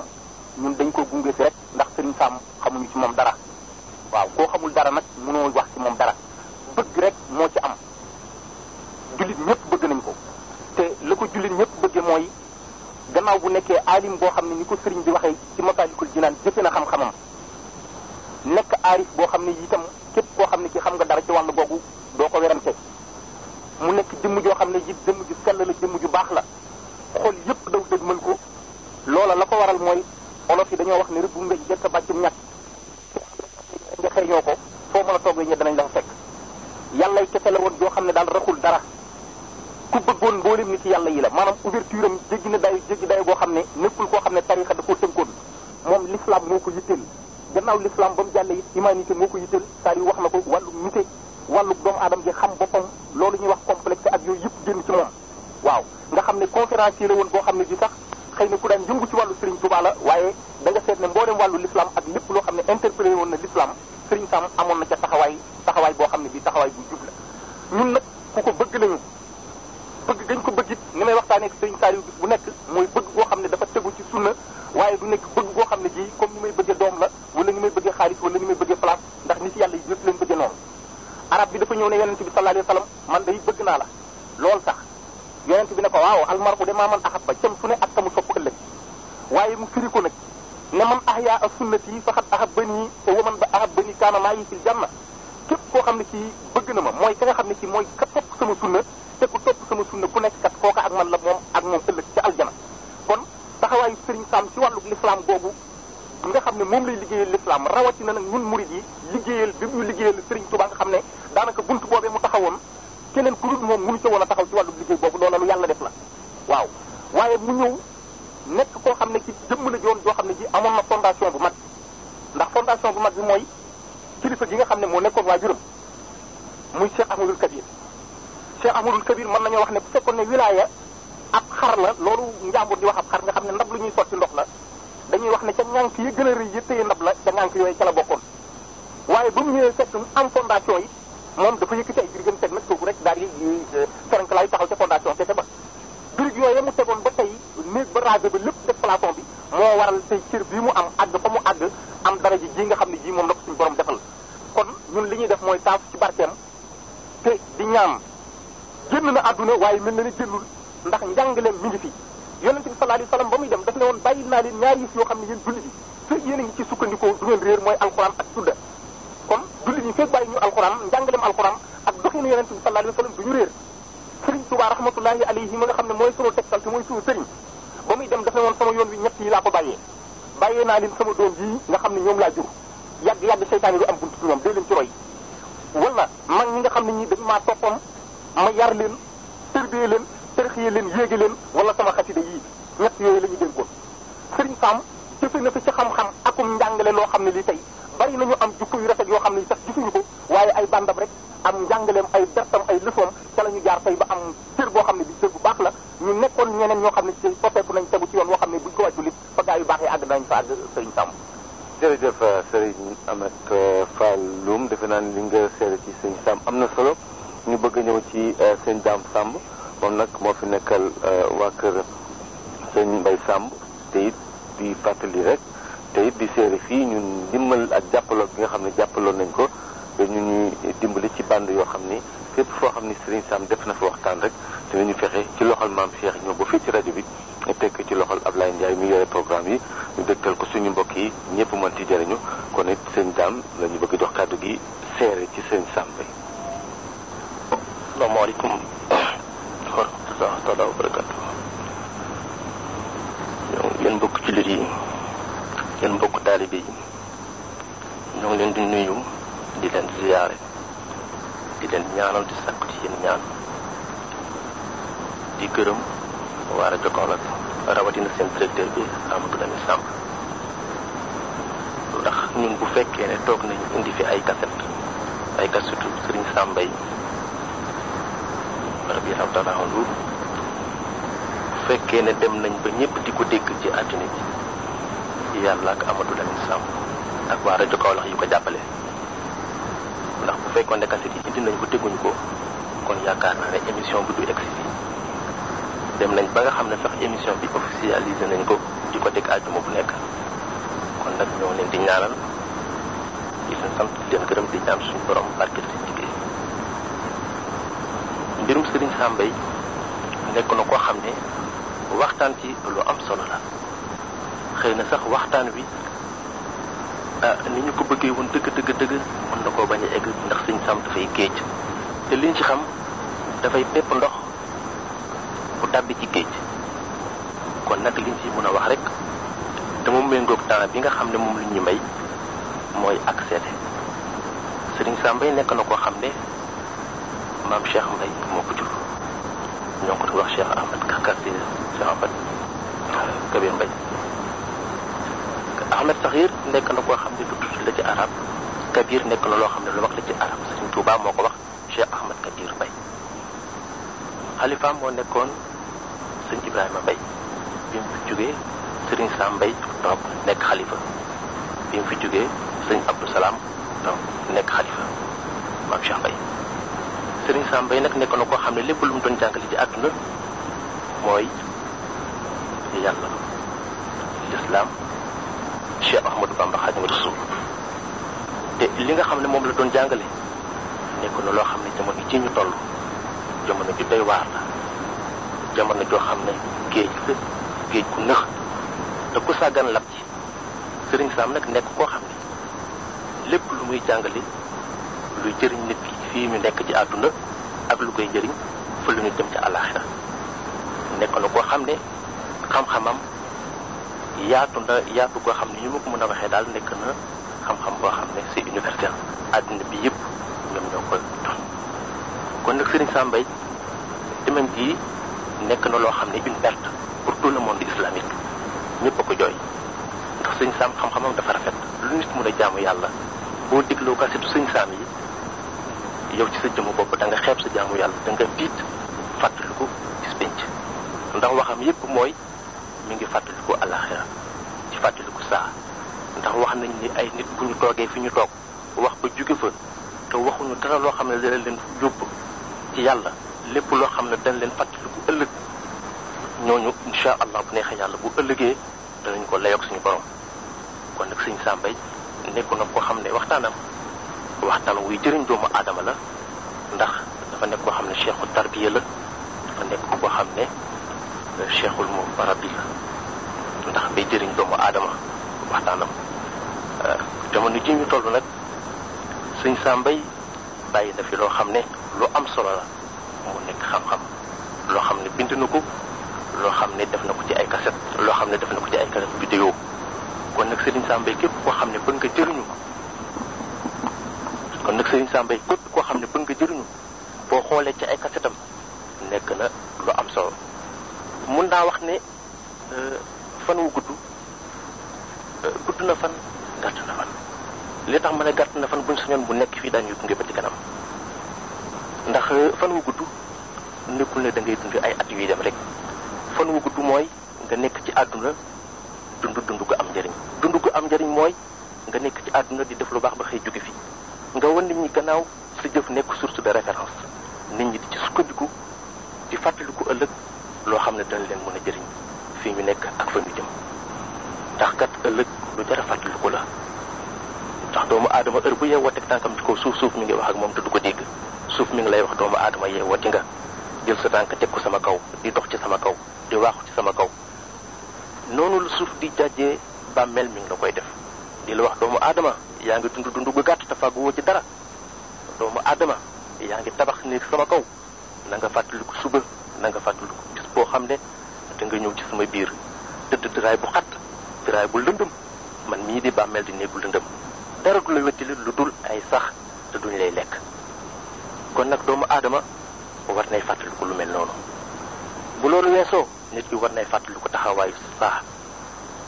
ñun dañ ko gunge si rek ndax sëriñ sàmb xamuñu ci moom dara waaw koo xamul dara nag mënoo wax ci moom dara bëgg rek moo ci am jullit ñëpp bëgg nañ ko te la ko jullit ñëpp bëgge mooy gannaaw bu nekkee alim boo xam ne ni ko sëriñ bi waxee ci Masaalikul Jinaan jëfe na xam-xamam nekk aarif boo xam ne itam képp koo xam ne ci xam nga dara ci wàllu googu doo ko werante mu nekk jëmm joo xam ne ji jëmm ju sell la jëmm ju baax la xol yépp daw dëgg mën ko loola la ko waral mooy olof yi dañoo wax ni ne rëbb mbéj jëkk bàccum ñàkk nga xëy ñoo ko foo mën a toog ñe danañ la fa fekk yàllay kese la woon joo xam ne daal raxul dara ku bëggoon mboolem nit ci yàlla yi la maanaam ouverture am jéggi na day jéggi day boo xam ne nekkul koo xam ne tarixa da koo tënkoon moom l'islam moo ko yitteel gannaaw l'islam ba mu jàllee it humanité moo ko yitteel saa yu wax na ko wàllu nite wàllu doomu aadama ji xam boppam loolu ñuy wax complexe ak yooyu yëpp génn ci moom waaw nga xam ne conférencier la woon boo xam ne bi sax xëy na ku daan yëngu ci wàllu Serigne Touba la waaye danga nga seet ne mboolem wàllu l'islam ak lépp loo xam ne interpellé woon na l'islam Serigne Sam amoon na ca taxawaay taxawaay boo xam ne bi taxawaay bu jub la ñun nag ku ko bëgg bëgg dañ ko bëggit ni may waxtaanee ak Serigne Saliou bis bu nekk mooy bëgg koo xam ne dafa tegu ci sunna waaye du nekk bëgg goo xam ne ji comme ni may bëggee doom la wala ni may bëggee xaalis wala ni may arab bi dafa ñëw ne yonente bi sallallahu alayhi wa sallam man day bëgg naa la loolu sax yonente bi ne ko waaw almar u de maa man axat ba cam su ne ak tamu sopp ëllëg waaye mu firi ko nag ne man ahyaa ak sunnati yi faxat ahab bani te waman ba ahab bani kaana maa yi fil janna képp koo xam ne ci bëgg na ma mooy ka nga xam ne ci mooy ka topp sama sunna te ku topp sama sunna ku nekk kat kooka ak man la moom ak moom ëllëg ci aljana kon taxawaayu Serigne Sam ci wàllu l'islam googu nga xam ne moom lay liggéeyal l'islam rawatina nag ñun murid yi liggéeyal bi ñu liggéeyal Serigne Touba nga xam ne daanaka bunt boobee mu taxawoon keneen ku dul moom mënu ca woon a taxaw ci wàllu liggéey boobu loola lu yàlla def la waaw waaye mu ñëw nekk koo xam ne ci jëmm la joon joo xam ne ji amoon na fondation bu mag ndax fondation bu mag bi mooy kilifa gi nga xam ne moo nekkoon waajuram muy Cheikh Ahmadou Kabir Cheikh Ahmadul Kabir mën nañoo wax ne bu fekkoon ne wilaya ab xar la loolu njàmbur di wax ab xar nga xam ne ndab lu ñuy sotti ndox la dañuy wax ne ca ñànk yi gën a rëy yi téye ndab la ca ñànk yooyu ca la bokkoon waaye ba mu ñëwee fekk am fondation yi moom dafa yëkkati ay birigam teg nag foofu rek daal di euh, ferenk laay taxaw ca fondation kese ba birig yooyu mu tegoon ba tey néeg ba rajo ba lépp def plafond bi moo waral tey cër bii mu am àgg fa mu àgg am dara ji nga xam ne ji moom la ko suñu borom kon ñun li ñuy def mooy taaf ci barkeem di ñaan génn na àdduna waaye mel na ni génnul ndax njàngaleem mi ngi fi yonent bi sallallahu alayhi ba muy dem daf ne woon bàyyi naa leen ñaari yëf yoo xam ne yéen jullit yi fekk yéen a ngi ci sukkandikoo du ngeen réer mooy alxuraan ak sunna kon jullit yi fekk bàyyi ñu alxuraan njàngaleem alxuraan ak doxinu yonent bi sallallahu alayhi du ñu réer sëriñ Tuubaa rahmatullahi alayhi ma nga xam ne mooy sunu tegtal te mooy sunu sëriñ ba muy dem daf ne woon sama yoon wi ñett yi laa ko bàyyee ñoom laa jur yàgg am buntu ñoom dee ma ah, yar leen tërbiyee leen tërxiyee leen yéegi leen wala sama xasida yii ñett yooyu la ñu dénkoon sëriñ Sam jëfe na fi ci xam-xam akum njàngale loo xam ne li tey bari nañu am jukko yu rafet yoo xam ne sax ko waaye ay bandam rek am njàngaleem ay bertam ay lësoom ca la ñu jaar tey ba am cër boo xam ne bu baax la ñu nekkoon ñeneen ñoo xam ne ci soppeeku nañ tegu ci yoon woo xam ne buñ ko wàccu lit fa gaa yu baax yi àgg nañ fa àgg sëriñ Sam jërëjëf sëriñ Amath euh, Fall Loum defe naa ne li nga seere ci sëriñ Sam am na solo ñu bëgg ñëw ci euh, sëñ Dame Samb moom nag moo fi nekkal euh, waa kër sëñ Mbaye Samb te it di fàttali rek te it di séeri fii ñu dimbal ak jàppaloo bi nga xam ne jàppaloon nañ ko te ñu dimbali ci band yoo xam ne fépp foo xam ni Serigne Sam def na fa waxtaan rek dinañu fexe ci loxol maam Cheikh ñëw ba fii ci rajo bi tekk ci loxol lay Ndiaye mi yore programme yi ñu dégtal ko suñu mbokk yi ñëpp mën ci jëriñu kon it sëñ Dame la bëgg jox kàddu gi seere ci seen Sam asalaamaaleykum wa rahmatullah taala wa barakatu mbokk jullit yi yéen mbokk taalibe yi ñoo ngi leen di nuyu di leen ziyaare di leen ñaanal di sakku ci yéen ñaan di gërëm waa rajo Kaolack rawatina seen directeur bi Amadou Lamine Samb ndax ñun bu fekkee ne toog nañu indi fi ay kaset ay kasetu Serigne Sam Mbaye radiyallahu taala anhu bu fekkee ne dem nañ ba ñëpp di ko dégg ci àddina bi yàlla ak Amadou Lamine Samb ak waa rajo Kaolack yi ko jàppale ndax bu fekkoon ne kaset yi indi nañ ko dégguñu ko kon yaakaar naa ne émission bi du egsi fii dem nañ ba nga xam ne sax émission bi officialisé nañ ko di ko dégg àjjuma bu nekk kon nag ñoo leen di ñaanal di leen sant di leen gërëm di ñaan suñu borom barke ci mbirum sëriñ Sam Mbaye nekk na koo xam ne waxtaan ci lu am solo la xëy na sax waxtaan wi ah, ni ñu ko bëggee woon dëgg dëgg dëgg mën na koo bañ a egg ndax Serigne Sam dafay géej te liñ ci xam dafay pépp ndox bu tàbbi ci géej kon nag liñ ci mën a wax rek te mu méngoog temps bi nga xam ne moom lu ñuy may mooy ak seete Serigne Sam Mbaye nekk na koo xam ne maam Cheikh Mbaye moo ko jur ñoo ko di wax Cheikh Ahmed Kakati Cheikh Ahmed Kabir Mbaye Ahmed Saxiir nekk na koo xam ne lu tudd la ci arab Kabir nekk na loo xam ne lu wax la ci arab Sëriñ Tuubaa moo ko wax Cheikh Ahmed Kabir Mbaye xalifaam moo nekkoon sëñ Ibrahima Mbaye bi mu fi jógee Sëriñ Sam Mbaye donc nekk xalifa bi mu fi jógee sëñ Abdou Salaam nekk xalifa maam Cheikh Mbaye sëriñ Sam Mbaye nag nekk na koo xam ne lépp lu mu doon jàngale ci àdduna mooy yàlla lislaam Cheikh Ahmadou li nga xam ne moom la doon jàngale nekk na loo xam ne jamono ci ñu toll jamono ju doy waar la jamono joo xam ne géej ku nëx ku sàggan lab ci sëriñ Sam nekk koo lu muy jàngale luy jëriñ nit fii ñu nekk ci àdduna ak lu koy jëriñ fa lu ñu jëm ca àllaaxira nekk na koo xam ne xam-xamam yaatu na yaatu koo xam ne ñu ma ko mën a waxee daal nekk na xam-xam boo xam ne c'est universel àdduna bi yëpp ñoom ñoo koy kon nag Serigne Sam Mbaye demam jii nekk na loo xam ne une perte pour tout le monde islamique ñëpp a ko jooy ndax Serigne Sam xam-xamam dafa rafet lu nit mën a jaamu yàlla boo dégloo kasetu Serigne Sam yi yow ci sa jëmm bopp danga nga xeeb sa jaamu yàlla da nga tiit fàttaliku gis pénc ndax waxam yépp mooy mu ngi fàttaliku àllaxira ci fàttaliku saa ndax wax nañ ni ay nit bu ñu toogee fi ñu toog wax ba jóge fa te waxuñu dara loo xam ne dana leen yóbbu ci yàlla lépp loo xam ne dañ leen fàttaliku ëllëg ñooñu incha allah bu neexee yàlla bu ëllëgee danañ ko layoog suñu borom kon nag sëñ Sambay nekku na ko xam ne waxtaanam waxtaan wuy jëriñ doomu aadama la ndax dafa nekk koo xam ne cheikhu tarbiya la dafa nekk koo xam ne euh, cheikhul moom barabi la ndax day jëriñ doomu aadama waxtaanam euh, jamono ji ñu toll nag sëñ Sambay bàyyi na fi loo xam ne lu am solo la mu nekk xam-xam loo xam ne bind na ko loo xam ne def na ko ci ay kaset loo xam ne def na ko ci ay kaset vidéo kon nag saa Sambay képp koo xam ne bëgg nga jëriñu kon nag Serigne Sam Mbaye képp koo xam ne bëgg nga jëriñu boo xoolee ci ay kasetam nekk na lu am solo mun naa wax ne euh, fan wu gudd euh, gudd na fan gàtt na fan li tax ma ne gàtt na fan buñ bu nekk fii dañuy gunge ba ci kanam ndax euh, fan wu gudd nekkul ne da ngay dund ay at yuy dem rek fan wu gudd mooy nga nekk ci àdduna dund dund gu am njëriñ dund gu am njëriñ mooy nga nekk ci àdduna di def lu baax ba xëy jóge fii nga wan nit ñi gannaaw sa jëf nekk source de référence nit ñi di ci sukkandiku di fàttaliku ëllëg loo xam ne dana leen mën a jëriñ fii ñu nekk ak fa ñu jëm ndax kat ëllëg lu jar a la ndax doomu aadama heure bu yeewoo teg tànkam ci kaw suuf suuf mi ngi wax ak moom te du ko dégg suuf mi ngi lay wax doomu aadama yeewooti nga jël sa tànk teg ko sama kaw di dox ci sama kaw di waaxu ci sama kaw noonu lu suuf di jàjjee bàmmeel mi ngi la koy def di la wax doomu aadama yaa ngi dund dund gu gàtt te fàgguwoo ci dara doomu aadama yaa ngi tabax néeg sama kaw na nga fàttaliku suba na nga fàttaliku bis boo xam ne da nga ñëw ci sama biir tëdd tëraay bu xat tëraay bu lëndëm man mii di bàmmeel di néeg bu lëndëm dara du la wettali lu dul ay sax te duñ lay lekk kon nag doomu aadama war nay fàttaliku lu mel noonu bu loolu weesoo nit ki war nay fàttaliku taxawaayu saa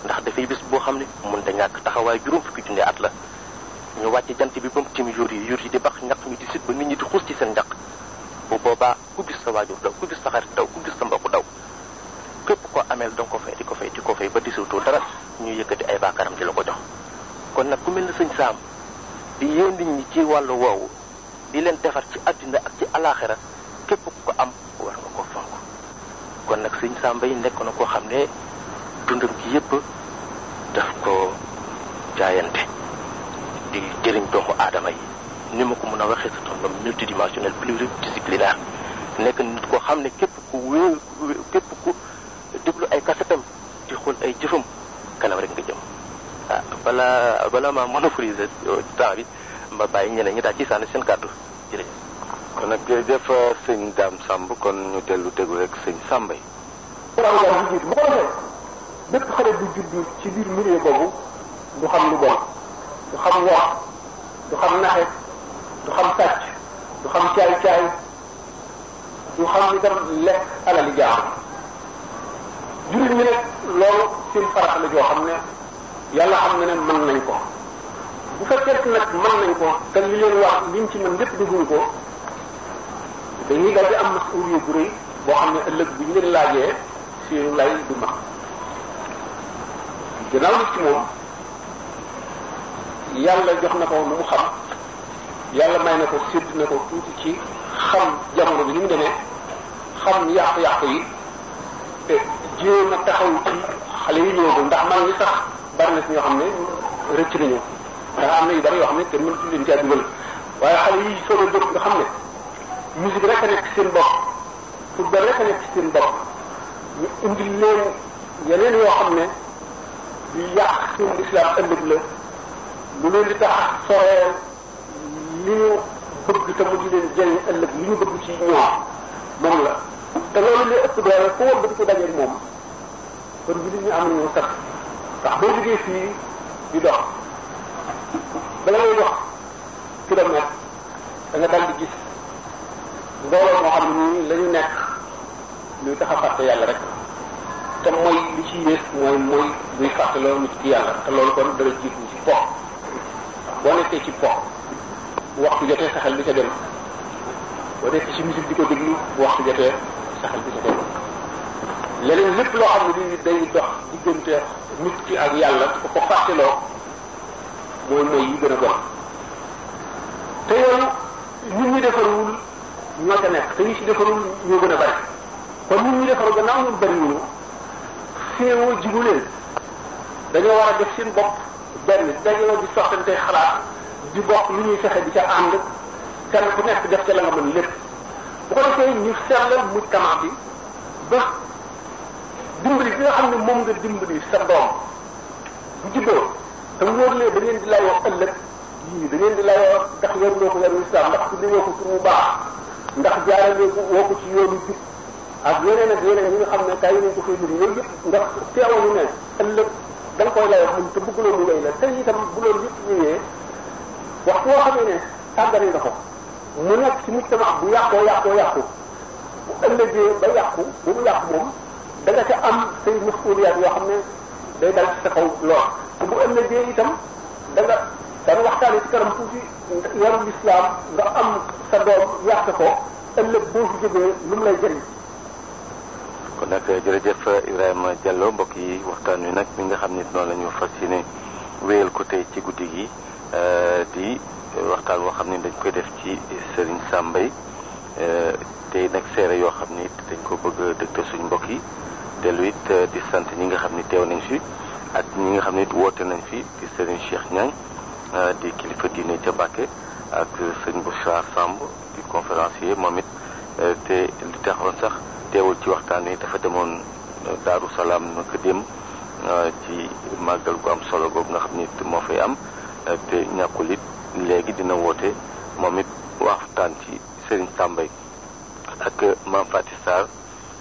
ndax dafay bis boo xam ne mun da ñàkk taxawaay juróom fukki junne at la ñu wàcc jant bi ba mu tim jur yi jur yi di bax ñaq mi di sit ba nit ñi di xuus ci seen njaq bu boobaa ku gis sa waajur daw ku gis sa xarit daw ku gis sa mbokk daw képp koo amee danga ko fay di ko fay di ko fay ba disiwtoo dara ñu yëkkati ay baakaram di la ko jox kon nag ku mel ne sëñ saam di yéen nit ñi ci wàllu woowu di leen defar ci àddina ak ci alaaxira képp ku ko am war nga ko fonk kon nag sëñ saam bay nekk na koo xam ne dundam gi yëpp daf ko jaayante di jëriñ doomu aadama yi ni ma ko mën a waxee c'est un homme multidimensionnel pluridisciplinaire nekk nit koo xam ne képp ku wéy képp ku déglu ay kasetam di xool ay jëfam kanam rek nga jëm ah balaa balaa maa monopoliser euh, temps bi ma bàyyi ñeneen ñi daal ci sànni seen kàddu jërëjëf. kon nag jërëjëf euh, sëñ Dame Samb kon ñu dellu déglu rek sëñ Samba yi. bu ko defee bépp xale bu juddu ci biir milieu boobu du xam lu bon. du xam wax du xam naxe du xam sàcc du xam caay-caay du xam ni tam lekk alali jaam jullit ñi nag loolu seen farax la joo xam ne yàlla xam na ne mën nañ ko bu fekkee nag mën nañ ko te li leen wax liñ ci mën lépp dugguñ ko dañuy dal di am masuliya bu rëy boo xam ne ëllëg bu ñu leen laajee seenu lay du mag gannaaw nit ci moom yàlla jox na ko lu mu xam yàlla may na ko sédd na ko tuuti ci xam jamono bi ni mu demee xam yàqu-yàqu yi te jéem a taxaw ci xale yu ñëwagul ndax man ñi sax bari na si ñoo xam ne rëcc nañu ndax am na yu bari yoo xam ne kenn mënatu leen caa dugal waaye xale yi soog a nga xam ne musique rek a nekk ci seen bopp football rek yoo xam ne yu yàq seen lu dul li tax soreel li ñu bëgg te mu di leen jëriñ ëllëg li ñu bëgg ci ñoom moom la te loolu li ëpp doole foo bëgg ko dajeeg moom kon jullit ñu am nañu sax ndax boo jógee fii di dox bala ngay dox kilomètre da nga di gis mbooloo moo xam ne nii la ñu nekk fàtte yàlla rek te mooy lu ci yées mooy mooy luy fàtte loolu nit ki yàlla te loolu kon dara jiitu ci po boo nekkee ci po waxtu jotee saxal bi ca dem boo nekkee ci musique di ko déglu bu waxtu jotee saxal bi ca dem leneen lépp loo xam ne nit day dox diggante nit ak yàlla ko ko fàtteloo mooy mooy yi gën a bon te yooyu nit ñi defarul ñoo ca nekk te ñi ci defarul ñoo gën a bari kon nit ñi defarul gannaaw ñun bariwuñu féewoo jigu leen dañoo war a def seen bopp benn dañoo di soxante xalaat di bokk lu ñuy fexe di ca ànd kenn ku nekk def ca la nga mën lépp bu ko defee ñu sellal mujtama bi ba dimbali bi nga xam ne moom nga dimbali sa doom bu juddoo te wóor lee ba ngeen di layoo ëllëg yii da ngeen di layoo ndax yaruloo ko yaru islam ndax tuddee woo ko ci mu baax ci yoonu ak yeneen ak yeneen yi nga xam ne kaay yi nañ ko fay jur yooyu yëpp ndax ne ëllëg dan nga koy layoo moom te bëgg loolu la tey itam bu loolu yëpp ñëwee waxtu woo xamee ne tàggane nga ko mu nekk ci mujtama bu yàqoo yàqoo yàqu bu ëllëgee ba yàqu ba mu yàqu moom nga am say masuuliyaat yoo xam ne day dal ci sa kaw lool te bu ëllëgee itam da nga dana waxtaane ci kanam tuuti yaru lislaam am sa doom yàq ko ëllëg boo fi jógee lu lay jëriñ kon nag jërëjëf Ibrahima Diallo mbokk yi waxtaan wi nag mi nga xam ne noonu la ñu fas yéene wéyal ko tey ci guddi gi euh, di waxtaan woo xam ne dañ koy def ci Serigne Sam Mbaye euh, tey nag seere yoo xam ni dañ ko bëgg a suñ mbokk yi dellu it euh, di sant ñi nga xam ni teew nañ fi ak ñi nga xam ne woote nañ fi di Serigne Cheikh Niang di kilifa diine ca Mbàkke ak sëñ Bouchard Samb di conférencier moom it Euh, te lu taxoon sax teewul ci waxtaan wi dafa demoon euh, Daaru Salaam naka dem euh, ci màggal gu am solo googu nga xam ni moo fay am te ñàkkul it léegi dina woote moom it waxtaan ci Serigne Tambay ak Mame Faty Sarr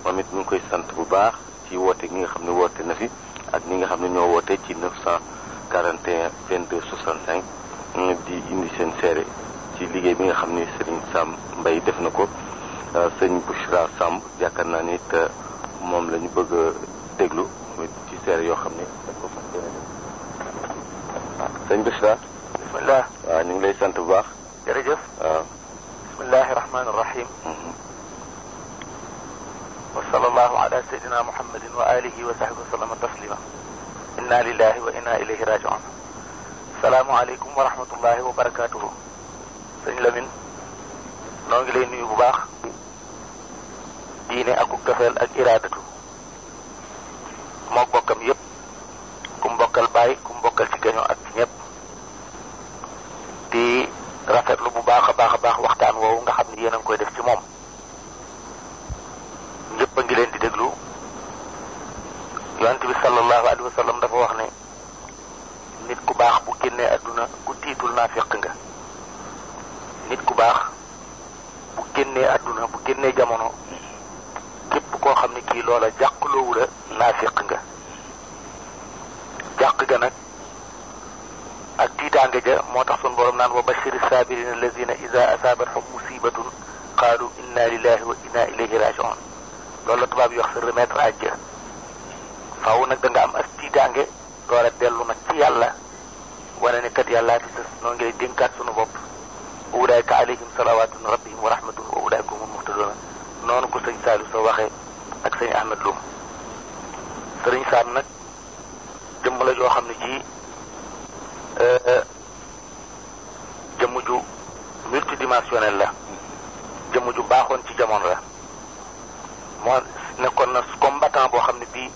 moom it ñu ngi koy sant bu baax ci woote gi nga xam ne woote na fi ak ñi nga xam ne ñoo woote ci 941 22 65 di indi seen seere ci liggéey bi nga xam ne Serigne Sam Mbaye def na ko Euh, sëñ Bouchra Samb yaakaar naa ni it moom la ñu bëgg a déglu yoo xam ne dañ ko fas yéene def. sëñ Bouchra. bisimilah waaw ñu ngi lay sant bu baax. jërëjëf. waaw. bismillahi rahmaani rahim. Mm-hmm. wa sallallahu wa alihi wa sahbihi wa inna lillahi wa inna ilayhi rajiun. salaamaaleykum wa rahmatullahi wa barakaatuhu. sëñ Lamine. noo diine ak cofeel ak iraadatu mook bokkam yépp ku mbokkal baay ku mbokkal ci gaño ak ñépp di rafetlu bu baax a baax a baax waxtaan woowu nga xam ni yéen a koy def ci moom ñépp a ngi leen di déglu yonent bi sallallahu alayhi wa dafa wax ne nit ku baax bu génnee àdduna ku tiitul naafiq nga nit ku baax bu génnee àdduna bu génnee jamono képp koo xam ne kii loola jàqloowu la naafiq nga jàq ga nag ak tiitaange ja moo tax sun borom naan wa bashiri saabirina alladina ida asaabathum musibatun qaalu loolu la tubaab yi wax sa remettre à Dieu faaw nag da nga am ak tiitaange door a dellu nag ci yàlla wane ne kat yàllaa fi sës noo ngi lay dénkaat sunu bopp wa ulaayka alayhim salawaatun rabbihim wa rahmatun wa ulaayka humul muhtadoona noonu ko sëñ Saliou sa waxe ak sëñ Ahmed Lo sëriñ Saam nag jëmm la joo xam ne ji euh, jëmm ju multidimensionnel la jëmm ju baaxoon ci jamono la moo nekkoon na combattant boo xam ne bii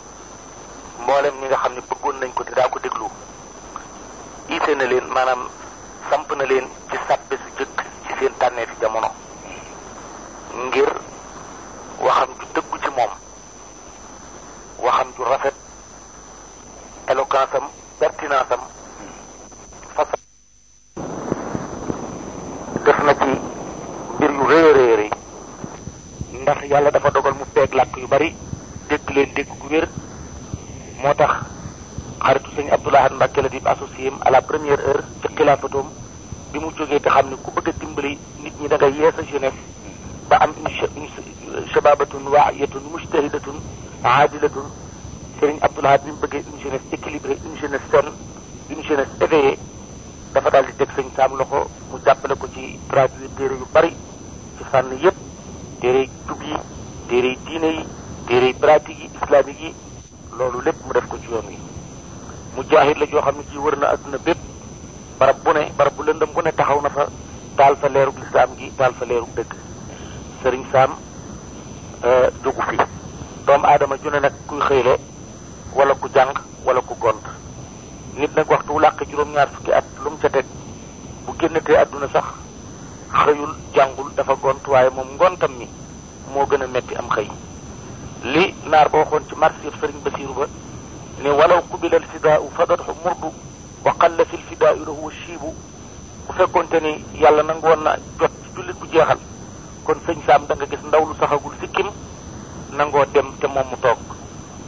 mboolem ñi nga xam ne bëggoon nañ ko te daa ko déglu iite na leen maanaam samp na leen ci sàppe su jëkk ci seen tànnee fi jamono ngir waxam ju dëggu ci moom waxam ju rafet éloquence am façon def na ci mbir yu rëy rëy ndax yàlla dafa dogal mu peeg làkk yu bari dégg leen dégg gu wér moo tax xaritu sëñ Abdoulaye Mbacke la di associé am à la première heure ci xilaafatoom bi mu jógee te xam ne ku bëgg a dimbali nit ñi da nga jeunesse am shababatun waayatun mujtahidatun aadilatun Serigne Abdoul Ahad bi mu bëggee une jeunesse équilibrée une jeunesse saine une jeunesse éveillée dafa daal di teg sëñ Saam loxo mu jàppale ko ci traduire téere yu bari ci fànn yépp téere jub yi téere diine yi téere pratique yi islamique yi loolu lépp mu def ko ci yoon wi mu jaahit la joo xam ne ci wër na adduna bépp barab bu ne barab bu lëndëm bu ne taxaw na fa taal fa leerug lislaam gi taal fa leerug dëgg sëriñ Saam euh, dugg fi doomu aadama ju ne nag kuy xëyle wala ku jàng walla ku gont nit nag waxtu wu làq juróom-ñaar fukki at lu mu teg bu génnatee àdduna sax xëyul jàngul dafa gont waaye moom ngontam mi moo gën a metti am xëy li naar ba waxoon ci mars yëpp sëriñ Basiiru ba ne walaw kubilal fidaau fadatxu murdu wa qalla fil fidaau lahu shiibu bu fekkoonte ni yàlla nangu woon na jot jullit bu jeexal kon sëñ Saam da gis ndaw lu saxagul sikkim nangoo dem te moom mu toog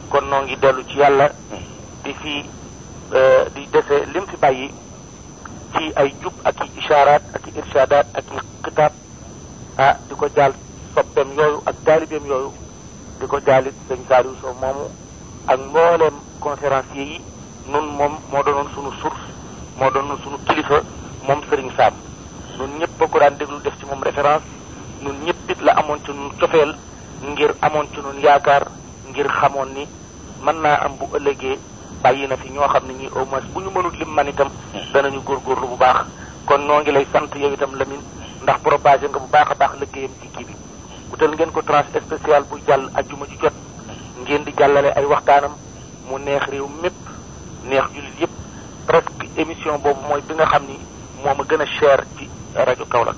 kon noo dellu ci yàlla di fi euh, di dese lim fi bàyyi ci ay jub ak i isaaraat ak i irsaadaat ak i xitaab ah di ko jaal soppeem yooyu ak taalibeem yooyu di ko jaalit sëñ Saliou Sow moomu ak mbooleem conférencier yi nun moom moo doonoon sunu source moo doon sunu kilifa moom Serigne Sam nun ñëpp ba ko daan déglu def ci moom référence nun ñëpp la amoon ci nun cofeel ngir amoon ci nun yaakaar ngir xamoon ni mën naa am bu ëllëgee bàyyi na fi ñoo xam ne ñii au moins bu ñu mënut lim man itam danañu góorgóorlu bu baax kon noo ngi lay sant yow itam Lamine ndax propagé nga bu baax a baax liggéeyam ci kii bi utal ngeen ko tranche spéciale bu jàll ajjuma ju jot ngeen di jàllale ay waxtaanam mu neex réew mépp neex jullit yëpp presque émission boobu mooy bi nga xam ni moo ma gën a cher ci rajo Kaolack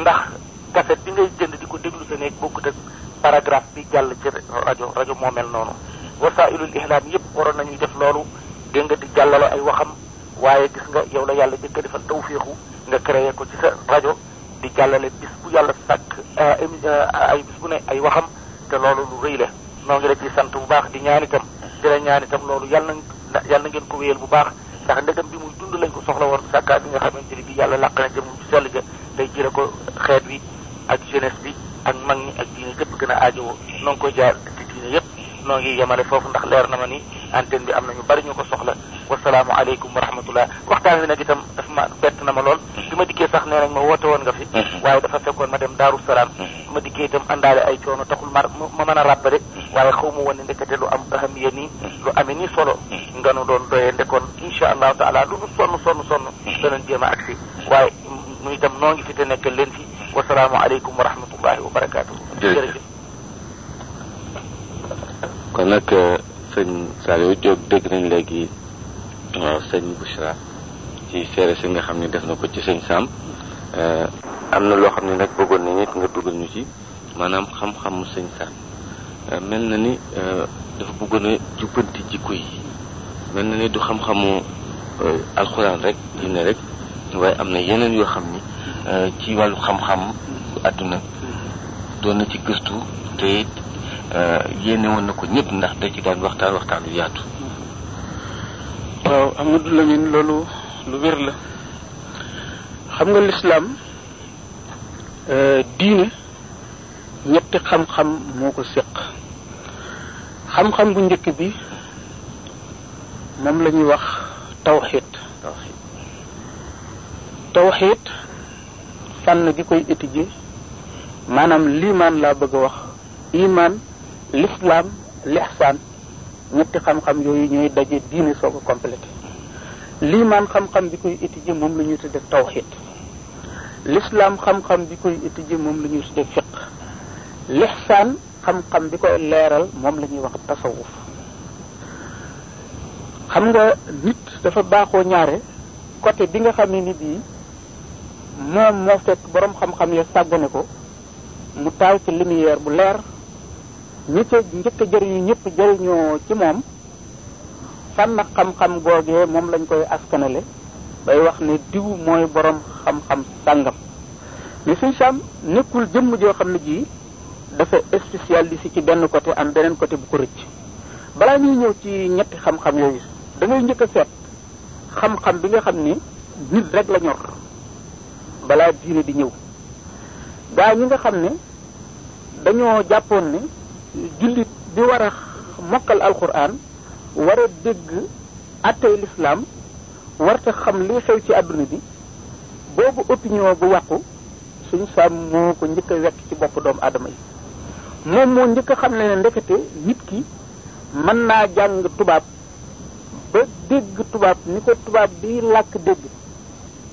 ndax kaset bi ngay jënd di ko déglu sa nekk bokkut ak paragraphe bi jàll ci rajo rajo moo mel noonu wasailul ihlaam yëpp waroon nañuy def loolu dégg nga di jàllalo ay waxam waaye gis nga yow la yàlla jëkk defal tawféexu nga créé ko ci sa rajo di jàllale bis bu yàlla sàkk euh, euh, ay bis bu ne ay waxam te loolu lu rëy la noo ngi la ci sant bu baax di ñaan itam di la ñaan itam loolu yàlla na yàlla na ngeen ko wéyal bu baax ndax ndegam bi muy dund lañ ko soxla woon sàkkaat bi yàlla na jëm ci sell ga day ko xeet wi ak jeunesse bi ak mag ñi ak diine yëpp gën a aajowoo noo ngi koy jaar ci diine yëpp noo ngi yemale foofu ndax leer na ma ni antenne bi am na ñu bari ñu ko soxla wasalaamu aleykum wa rahmatullah waxtaan wi nag itam daf ma bett na ma lool bi ma dikkee sax nee ma woote woon nga fi mm-hmm. waaye dafa fekkoon ma dem daaru salaam mm-hmm. ma dikkee itam àndaale ay coono taxul ma ma mën a ràbbale mm-hmm. waaye xaw ma woon ne ndekete lu am ahamiya nii lu amee nii solo nga nu doon doyee ndekoon insha allahu taala lu nu sonn a agsi waaye mu itam noo ngi fi te nekkal leen fi wasalaamaaleykum wa rahmatullahi wa barakaatu. kon nag euh, sëñ Saliou Diop dégg nañ léegi sëñ Bouchra ci seere si nga xam ni def na ko ci sëñ Sam. Euh, am na loo xam ne nag bëggoon nañ nit nga dugal ñu ci maanaam xam-xamu sëñ Sam euh, mel na ni dafa bëggoon a jubbanti jikko yi mel na ni du xam-xamu alxuraan rek diine rek waaye am na yeneen yoo xam ni. Euh, ci wàllu xam-xam àdduna doon na ci gëstu te it euh, woon na ko ñëpp ndax da ci daan waxtaan waxtaan yaatu. waaw Amadou Lamine loolu lu wér la xam nga lislaam euh, diine ñetti xam-xam moo ko séq xam-xam bu njëkk bi moom la ñuy wax tawxiid tawxiid fànn gi koy étudier maanaam liimaan laa bëgg a wax imaan lislaam lixsaan ñetti xam-xam yooyu ñooy daje diine soog a complété liimaan xam-xam bi koy étudier moom la ñuy tudde tawxid lislaam xam-xam bi koy étudier moom la ñuy tudde fiq lixsaan xam-xam bi koy leeral moom la ñuy wax tasawuf xam nga nit dafa baaxoo ñaare côté bi nga xam ne ni bii moom moo fekk borom xam-xam ya sàggone ko mu taal ci lumière bu leer ñi ca njëkk a jëriñu ñëpp jëriñoo ci moom fànn xam-xam googee moom lañ koy askanale bay wax ne diw mooy borom xam-xam sàngam mais suñ sam nekkul jëmm joo xam ne ji dafa spécialisé ci benn côté am beneen côté bu ko rëcc balaa ñuy ñëw ci ñetti xam-xam yooyu da ngay njëkk a xam-xam bi nga xam ni nit rek la ñor balaa diine di ñëw gaa ñi nga xam ne dañoo jàppoon ne jullit bi war a mokkal alxuraan war a dégg attey lislaam warta xam li xew ci àdduna bi boobu opinion bu wàqu suñu saam moo ko njëkk a wekk ci bopp doomu aadama yi moom moo njëkk a xam ne ne ndekete nit ki mën naa jàng tubaab ba dégg tubaab ni ko tubaab bi làkk dégg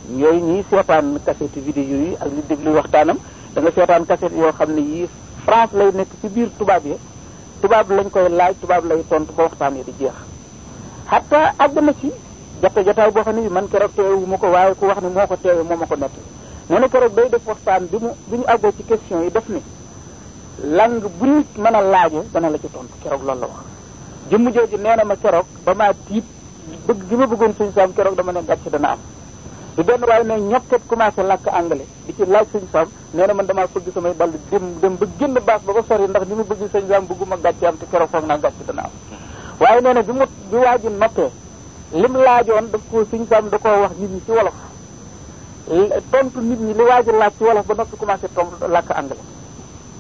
yooyu ñuy seetaan cassette vidéo yi ak ñu déglu waxtaanam da nga seetaan cassette yoo xam ne yii France lay nekk ci biir tubaab yi tubaab lañ koy laaj tubaab lay tontu ba waxtaan yi di jeex. xataa àgg na ci jota jotaay boo xam ne man keroog teewu ma ko waaye ku wax ne moo ko teewee moom ma ko nett nee na keroog day def waxtaan bi mu bi ñu àggoo ci question yi def ni langue bu nit mën a laaje dana la ci tontu keroog loolu la wax. jëmm jooju nee ma keroog ba maa tiit bëgg gi ma bëggoon suñu saam keroog dama ne gàcce dana am. bi benn waaye ne ñokket commencé làkk anglais di ci laaj sëñ Sam nee na damaa fëgg samay dal dem dem ba génn baas ba ba sori ndax ni mu bëgg sëñ Sam bëgguma gàcce am te keroog foog naa gàcce dana am waaye nee na bi mu bi waa ji noppee lim laajoon daf ko sëñ Sam da koo wax nit ñi ci wolof tontu nit ñi li waa laaj ci wolof ba noppi commencé tontu làkk anglais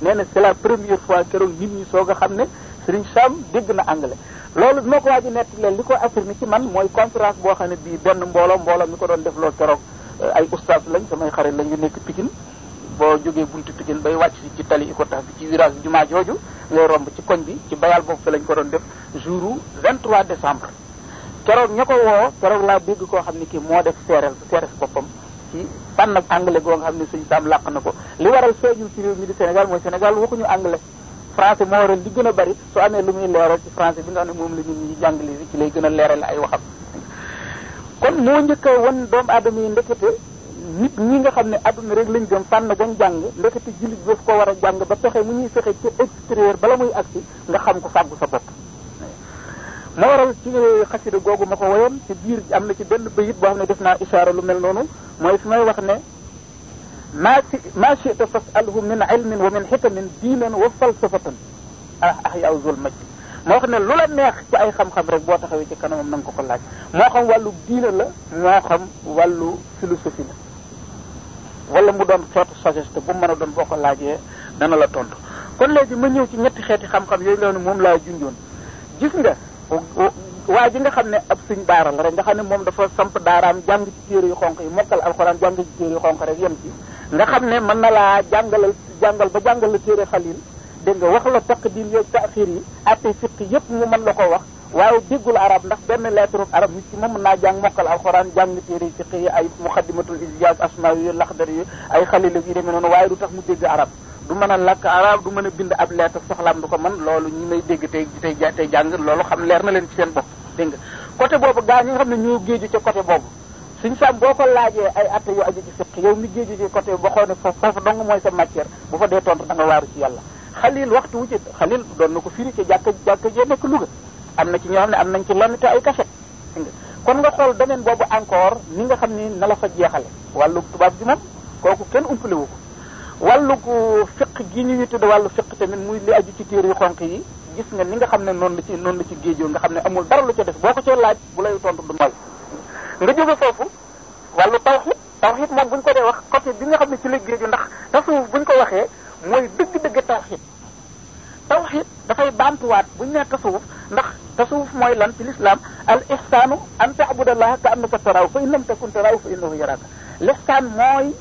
nee na la première fois keroog nit ñi soog a xam ne Serigne Sam dégg na anglais loolu bi ma ko waaj a netti leen li ko affirmé ci man mooy conférence boo xam ne bii benn mbooloo mbooloo mu ko doon def loolu keroog euh, ay oustaz lañ samay xarit lañ nekk pikin boo jógee buntu Pikine bay wàcc si ci tali Icotaf bi ci virage bi jumaa jooju ngay ci koñ bi ci bayal boobu fi lañ ko doon def jour 23 décembre keroog ña ko woo keroog laa dégg koo xam ne kii moo def seereel seereel boppam ci fànn anglais goo nga xam ne suñu saam làq na ko li waral feeñul ci réew mi di Sénégal waxuñu anglais français moo waral li gën a bari su amee lu muy leeral ci français bi nga xam ne moom la ñun ñuy jàng li ci lay gën a leeral ay waxam kon moo njëkk a wan doomu aadama yi ndekete nit ñi nga xam ne àdduna rek lañ gëm fànn bañ jàng ndekete jullit daf ko war a jàng ba pexe mu ñuy fexe ci extérieur bala muy agsi nga xam ko fàggu sa bopp moo waral ci xasida googu ma ko woyoon ci biir am na ci benn bayit boo xam ne def naa isaara lu mel noonu maa si maa chita fasalhu min ilmin wa min xikamin diinan wa falsafatan ah ah yaw zul majdi moo xam ne lu la neex ci ay xam-xam rek boo taxawee ci kanamam na ko ko laaj moo xam wàllu diina la moo xam wàllu philosophie la wala mu doon xeetu sagesse bu mën a doon boo ko laajee dana la tontu kon léegi ma ñëw ci ñetti xeeti xam-xam yooyu la moom laa junjoon gis nga waa bi nga xam ne ab suñ baara la rek nga xam ne moom dafa samp daaraam jàng ci téere yu xonq yi mokkal alxuraan jàng ci téere yu xonq rek yem ci nga xam ne mën na laa jàngalal jàngal ba jàngal la téere xalil dégg nga wax la taqdim yeeg taaxir yi atte fiq yépp mu mën la ko wax waaye déggul arab ndax benn lettre arab nit ci moom mën naa jàng mokkal alxuraan jàng téere fiq yi ay muqaddimatul ijaaz asmawi yu laxdar yi ay xalil yi demee noonu waaye du tax mu dégg du mën a lakk arab du mën a bind ab lettre soxlaam du ko man loolu ñi may dégg tey tey tey jàng loolu xam leer na leen ci seen bopp dégg nga côté boobu gaa ñi nga xam ne ñoo géeju ca boo ko laajee ay atte yu aju ci fiq yow mi géeju ci côté boo xoo ne foofu foofu dong mooy sa matière bu fa dee tontu da nga na ko firi am xam ne am nañ ci lenn te ay cachet kon nga xool domaine boobu encore ni nga xam ni na la fa jeexale wàllu tubaab ji moom kooku kenn umpale wu ko wàllu fiq gi ñuy tudd wàllu fiq tamit muy li aju ci téere yu xonq yi gis nga ni nga xam ne noonu la ci noonu la ci géejoo nga xam ne amul dara lu ca def boo ko cee laaj bu lay tontu du mooy nga jóge foofu wàllu tawxid tawxid moom bu ko dee wax côté bi nga xam ne ci la géeju ndax tasawuf bu ñu ko waxee mooy dëgg-dëgg tawxid tawxid dafay baamtuwaat bu ñu nee tasawuf ndax tasawuf mooy lan ci l'islam al ihsaanu an ta'budallaha ka annaka taraahu fa in lam takun taraahu fa innahu yaraaka l'ihsaan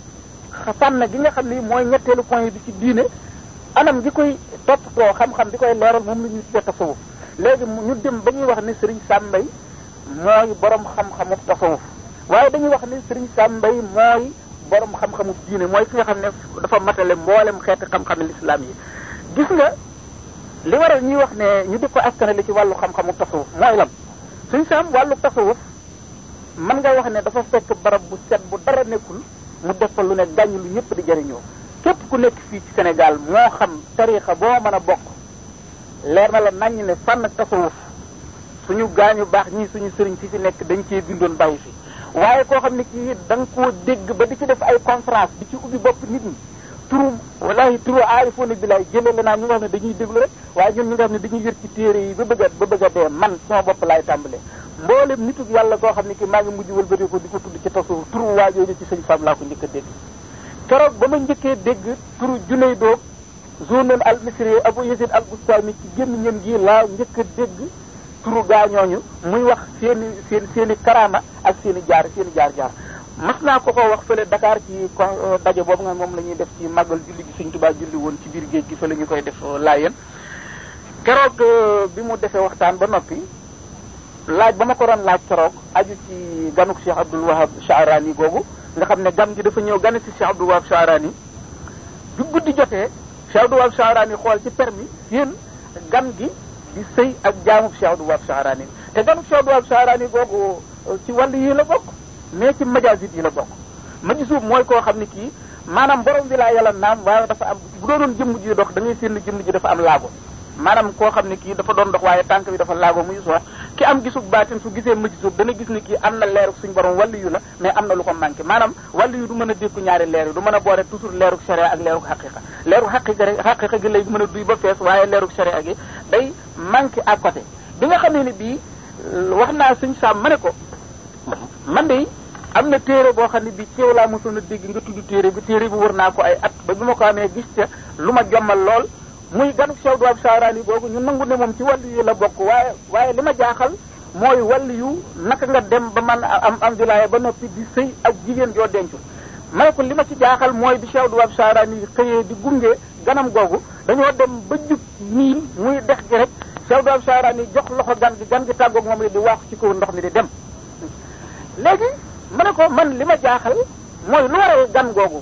fànn gi nga xam ni mooy ñetteelu point bi ci diine anam gi koy toppatoo xam-xam di koy leeral moom la ñuy tuddee tasawuf léegi ñu dem ba ñuy wax ni Serigne Sam Mbaye mooy borom xam-xamu tasawuf waaye dañuy wax ni sëriñ Sam Mbaye mooy borom xam-xamu diine mooy ki nga xam ne dafa matale mboolem xeeti xam-xami lislaam yi gis nga li waral ñuy wax ne ñu di ko askanale ci wàllu xam-xamu tasawuf mooy lan suñ Sam wàllu tasawuf mën nga wax ne dafa fekk barab set bu dara nekkul mu def fa lu ne gàññ lu ñëpp di jëriñoo képp ku nekk fii ci Sénégal moo xam tariixa boo mën a bokk leer na la naññ ne fànn tasawuf suñu gaañu baax ñii suñu sëriñ fi ci nekk dañ cee bindoon bàyyi si waaye koo xam ne kii da koo dégg ba di ci def ay conférence di ci ubbi bopp nit ñi turum wallahi turu aarifoon ak billaay jëlale naa ñu nga xam ne dañuy déglu rek waaye ñun ñi nga xam ne dañuy yër ci téere yi ba bëgg a ba bëgg a dee man sama bopp laay tàmbale mboolem nitu yàlla koo xam ne ki maa ngi mujj wëlbatee ko di ko tudd ci tasawuf turu waajooju ci sëñ Fam laa ko njëkk a dégg keroog ba ma njëkkee dégg turu junay doog journal al misri Abu Yazid al Bustami ci génn ñëm gi laa njëkk a dégg turu gaañooñu muy wax seen i seen seen ak seen jaar seen i jaar mas naa ko ko wax fële Dakar ci euh, daje boobu nga moom la ñuy def ci màggal julli gi Sëriñ Tuubaa julli woon ci biir géej gi fële ñu koy def euh, laayeen keroog euh, bi mu defee waxtaan ba noppi laaj ba ma ko doon laaj keroog aju ci ganuk Cheikh Abdul Wahab Sha'rani googu nga xam ne gan gi dafa ñëw gane ci Cheikh Abdul Wahab Sha'rani bi guddi jotee Cheikh Abdul Wahab xool ci permis yéen gan gi di sëy ak jaamub Cheikh Abdul Wahab te ganuk Cheikh Abdul Wahab ci wàll yi mais ci majaasit yi la bokk majzuub mooy koo xam ne kii maanaam borom bi laa yàlla naam waaye dafa am bu doonoon jëmm ji dox da ngay seetlu jëmm ji dafa am laago maanaam koo xam ne kii dafa doon dox waaye tànk bi dafa laago muy soox ki am gisub baatin su gisee majzuub dana gis ni kii am na leeruk suñu borom wàllu yu la mais am na lu ko manqué maanaam wàllu yu du mën a dékku ñaari leer yi du mën a boole toujours leeruk sharia ak leeruk xaqiqa leeruk xaqiqa rek xaqiqa gi lay mën a duy ba gi day manqué à côté nga xamee ne bii wax naa suñ saam ma ne ko man de am na téere boo xam ne bi ceew laa mosoon a dégg nga tudd téere bi téere bi wër naa ko ay at ba bi ma ko amee gis ca lu ma jommal lool muy ganuk Cheikh Abdou Wahab Sahrawi boobu ñu nangu ne moom ci wàllu yu la bokk waaye waaye li ma jaaxal mooy wàllu yu naka nga dem ba man am am wilaaya ba noppi di sëy ak jigéen joo dencu ma ne ko li ma ci jaaxal mooy bi Cheikh Abdou saaraan Sahrawi xëyee di gunge ganam googu dañoo dem ba jub niil muy dex gi rek Cheikh Abdou Wahab jox loxo gan gi gan gi tàggoog moom la di waaxu ci kaw ndox mi di dem mu ne ko man li ma jaaxal mooy lu waral gan googu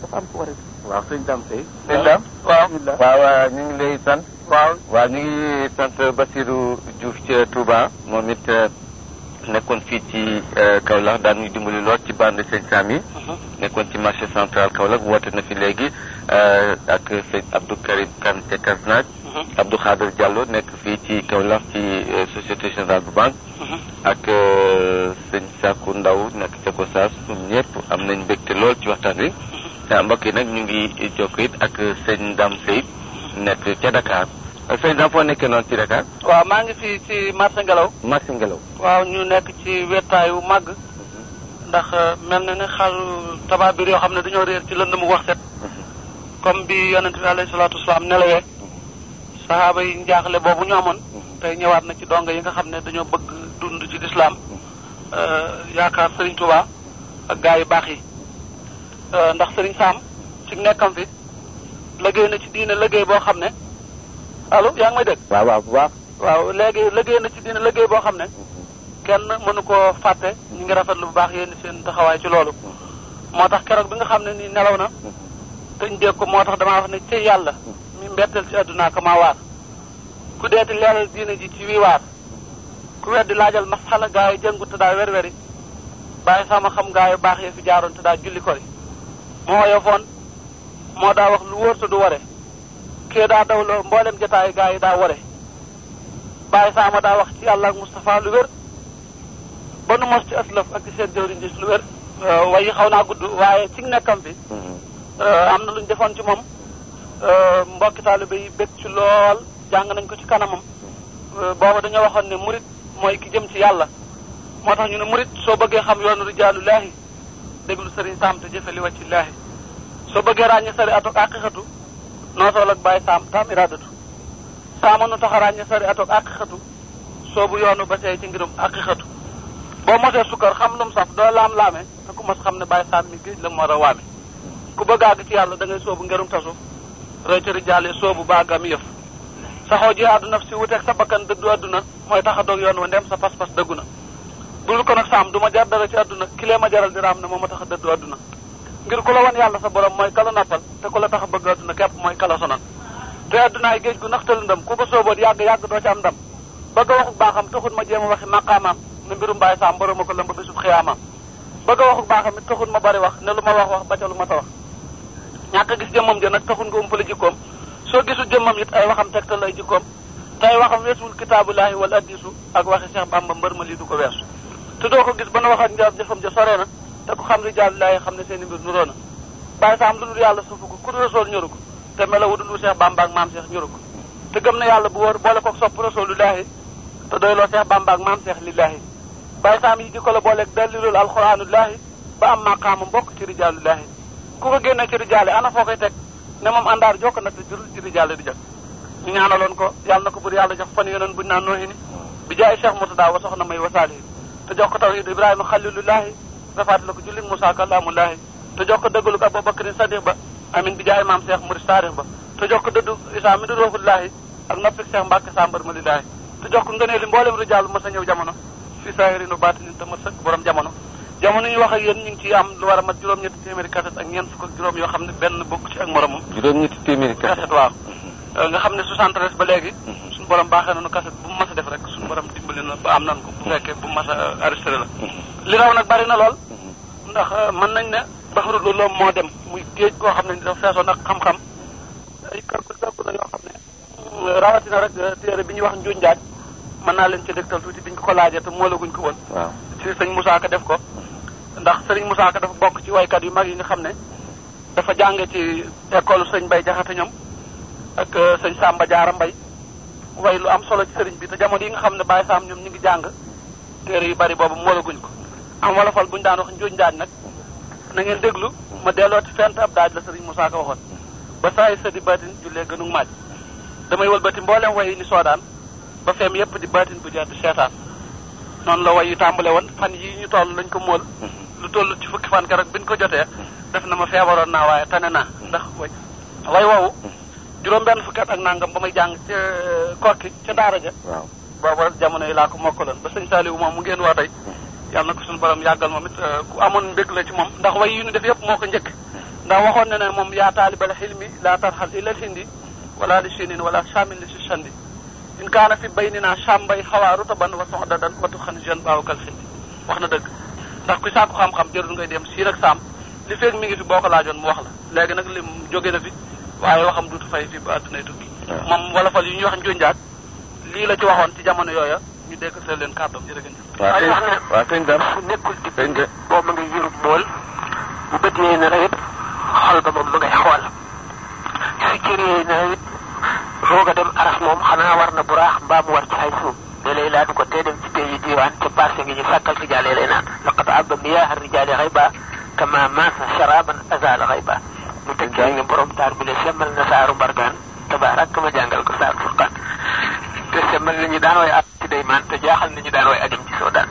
dafa am ko waral waaw sëñ Dame Seye sëñ Dame waaw waaw ñu ngi lay sant waaw waaw ñu ngi sant Basirou Diouf ca Touba moom it kon fii ci euh, Kaolack daan ñu dimbali lool ci bande sëñ Sam yi. Uh-huh. nekkoon ci marché central Kaolack woote na fi léegi euh, ak sëñ Abdou Karim Kane te Kasnaaj. Uh-huh. Abdou Khader Diallo nekk fii ci Kaolack ci euh, société générale bu banque. Uh-huh. ak sëñ Sakku Ndaw nekk ca Gossas ñun ñëpp am nañ mbégte lool ci waxtaan wi. mbokk yi nag ñu ngi jokk ak sëñ Dame nekk ca Dakar. président foo nekkee noonu ci Dakar. waaw maa ngi fii ci marché Ngelaw. marché Ngelaw. waaw ñu nekk ci wettaayu màgg. Mhm. ndax euh, mel na ni xalu tabaabir yoo xam ne dañoo réer ci lënd mu wax set. Mhm. comme bi yonente bi alayhi salaatu wasalaam nelawee. Mhm. saxaaba yi njaaxle boobu ñu amoon. tey ñëwaat na ci donga yi nga xam ne dañoo bëgg dund ci lislaam euh, yaakaar Serigne Touba ak gaa yu baax yi. Euh, ndax sëriñ Sam ci nekkam fi liggéey na ci diine liggéey boo xam ne. allo yaa ngi may dégg. waaw waaw bu baax. waaw léegi liggéey na ci dina liggéey boo xam ne. kenn mënu ko fàtte. ñu ngi rafet lu baax yéen seen taxawaay ci loolu. moo tax keroog bi nga xam ne nii nelaw na. te ñu dégg ko moo tax damaa wax ne ci yàlla. mi mbetteel ci àdduna ak maa waar. ku deeti leeral diine ji ci wii waar. ku weddi laajal masxala gaa yi jëngu te daa werweri bàyyi sama xam gaa yu baax yi fi jaaroon te daa julli kori. moo yofoon moo daa wax lu wóor te du ware kee daa dawloo mboolem jotaayu gaa yi daa ware bàyyi saama daa wax ci yàlla ak Moustapha lu wér ba nu mos ci aslaf ak seen jëwriñ ji lu wér euh, waaye xaw naa gudd waaye ci nekkam bi mm-hmm. euh, am na lu ñu defoon ci moom euh, mbokki taalibe yi bég ci lool jàng nañ ko ci kanamam booba dañoo waxoon ne murit mooy ki jëm ci yàlla moo tax ñu ne murit soo bëggee xam yoonu rijaalullaahi déglu sëriñ Sam te jëfe li wàcc laahi soo bëggee ràññee sari atok àqiqatu noo soo ak bàyyi saam taam iraadatu a nu taxaraan ña sari atoog àqiqatu soobu yoonu ba seey ci ngirum àqiqatu boo mosee sukkar xam lu mu saf doo laam-laame te ku mos xam ne bàyyi saam mi géej la mu war ku bëgg àgg ci yàlla da soobu ngerum tasuf rëytëri jaale soobu baagam yëf saxoo jihaadu naf si wuteeg sa bakkan dëddu adduna mooy tax a doog yoon wa ndem sa pas-pas dëggu na bul ko nag saam du ma jar dara ci adduna kilee ma jaral di raam ne ma tax a dëddu ngir ku la wan yàlla sa borom mooy kala noppal te ku la tax a bëgg adduna képp mooy kala sonal te addunaay géej gu naxtal ndam ku ko sóoboon yàgg-yàgg doo ci am ndam bëgg a waxu baaxam taxul ma jéem a waxi maqaamaam ne mbirum bàyyi saam borom a ko lëmb bisub xiyaamaam bëgg a waxu baaxam it taxul ma bari wax ne lu ma wax wax ba ca lu ma ta wax ñàkk a gis jëmmam ja nag taxul nga umpale jikkoom soo gisul jëmmam it ay waxam tegtal ay jikkoom tey waxam weesul kitaabullaahi wala addisu ak waxi Cheikh Bamba mbër ma ko weesu te doo ko gis ba na wax ak njëriñ jëfam ja sore te ku xam rijaalu laay xam ne seen i mbir nuróo na saam lu dul yàlla suufu ko ku dul rasool ñoru te melo wu dul Seex Bàmba ak maam Seex ñoru te gëm na yàlla bu wóor boole koog sopp rasoolulaahi te doyloo Seex Bàmba ak maam Seex lillaahi bàyyi saam yi jikko la booleeg daliilul alxuraanulaahi ba am maqaama mbokk ci rijaalulaahi ku ko génne ci rijaale ana foo koy teg ne moom àndaar jokk na te jurul ci rijaale di jot ñaanaloon ko yàlla na ko bur yàlla jox fan yonen buñu nga fàttali ko julli Musaa kalaamullaahi te jox ko dëggalu ko Abubakar Sadiq ba amin bi maam Seex Murid Saarix ba te jox ko dëddu Isaa mi du ruuxullaahi ak noppi Seex Mbàkke Sàmbar malilaahi te jox ko ngëneeli mboolem rijaal mos a ñëw jamono fi saahiri nu baatinin te ma sëkk borom jamono jamono ñu wax ak yéen ñu ngi ciy am lu war a mat juróom-ñetti téeméeri kaset ak ñeent fukk ak juróom yoo xam ne benn bokk ci ak moromam juróom-ñetti téeméeri kaset Euh, nga xam ne 73 ba léegi. Mhm. suñu borom baaxee nañu kaset bu mu mas a def rek suñu borom dimbali na ba am nan ko bu fekkee bu mu mas a la. Mhm. li raw nag bari na lool. Mhm. ndax euh, mën nañ ne baxru loolu moo dem muy géej goo xam ne dafa feesoon ak xam-xam ay euh, rawatina rek téere bi ñuy wax njuñ jaaj mën naa leen ci dëgtal tuuti biñ ko laajee te moolaguñ ko woon. waaw ci sëñ Moussa def ko. ndax sëriñ Moussa Ka dafa bokk ci waykat yu mag yi nga xam ne dafa jànge ci école sëñ Bay Jaxate ñoom ak euh, sëñ Samba Diarra Mbaye way lu am solo ci sëriñ bi te jamono yi nga xam ne Baye Sam ñoom ñu ngi jàng téere yu bari boobu moo la guñ ko am wolofal bu ñu daan wax njuuñ daaj nag na ngeen déglu ma delloo ci fent ab daaj la sëriñ Moussa Ka waxoon ba saay sa di baatin jullee gënu maaj damay wëlbati mboolem way yi ni soodaan ba feem yépp di baatin bu jeex di seetaan noonu la way yu tàmbale woon fan yi ñu toll lañ ko mool lu toll ci fukki fan keroog ko jotee def na ma feebaroon naa waaye tane naa ndax way juróom benn fukki at ak nangam ba may jàng ca euh, kokki ca daara ja waaw booba jamono yi laa ko mokkaloon ba sëñ wu moom mu ngeen waa tey yàlla na ko suñu borom yàggal moom it euh, ku amoon mbég la ci moom ndax way yu ñu def yëpp moo ko njëkk ndax waxoon na ne moom yaa taalibal xilmi laa tarxal ilal hindi wala li sinin wala chamin li si chandi in kaana fi bay ni naa chambay xawaa rutaban wa soxda dan watu xan jeune baawakal xindi wax na dëgg ndax ku sàkku xam-xam jërul ngay dem siin ak saam li feeg mi ngi fi boo ko wax la léegi nag lim jóge na fi waaye waxam duutu fay fi ba àddunay moom wala fal yu ñuy wax njonjaat lii la ci waxoon ci jamono yooya ñu dégg leen kàddam jërëjëf waaw sëñ waaw sëñ Dame nekkul ci sëñ de boobu ma nga yërub mool bu bët yee na rawit xol ba moom ma ngay xool su cër yee na rawit roog a dem aras moom xanaa war na bu raax mbaa war ci ay suuf ne lay laa ko tee dem ci pays yi diwaan ca parce ngi ñu sàkkal rijaale lay naan laqad abba miyaaha rijaali xayba kama maasa sharaban azala xayba mu tekki ay ne borom taar bi de na saaru bargaan tabaarak ma jàngal ko saar furqaan te semmal na ñu daan way at ci daymaan te jaaxal na ñu daan way ajam ci soodaan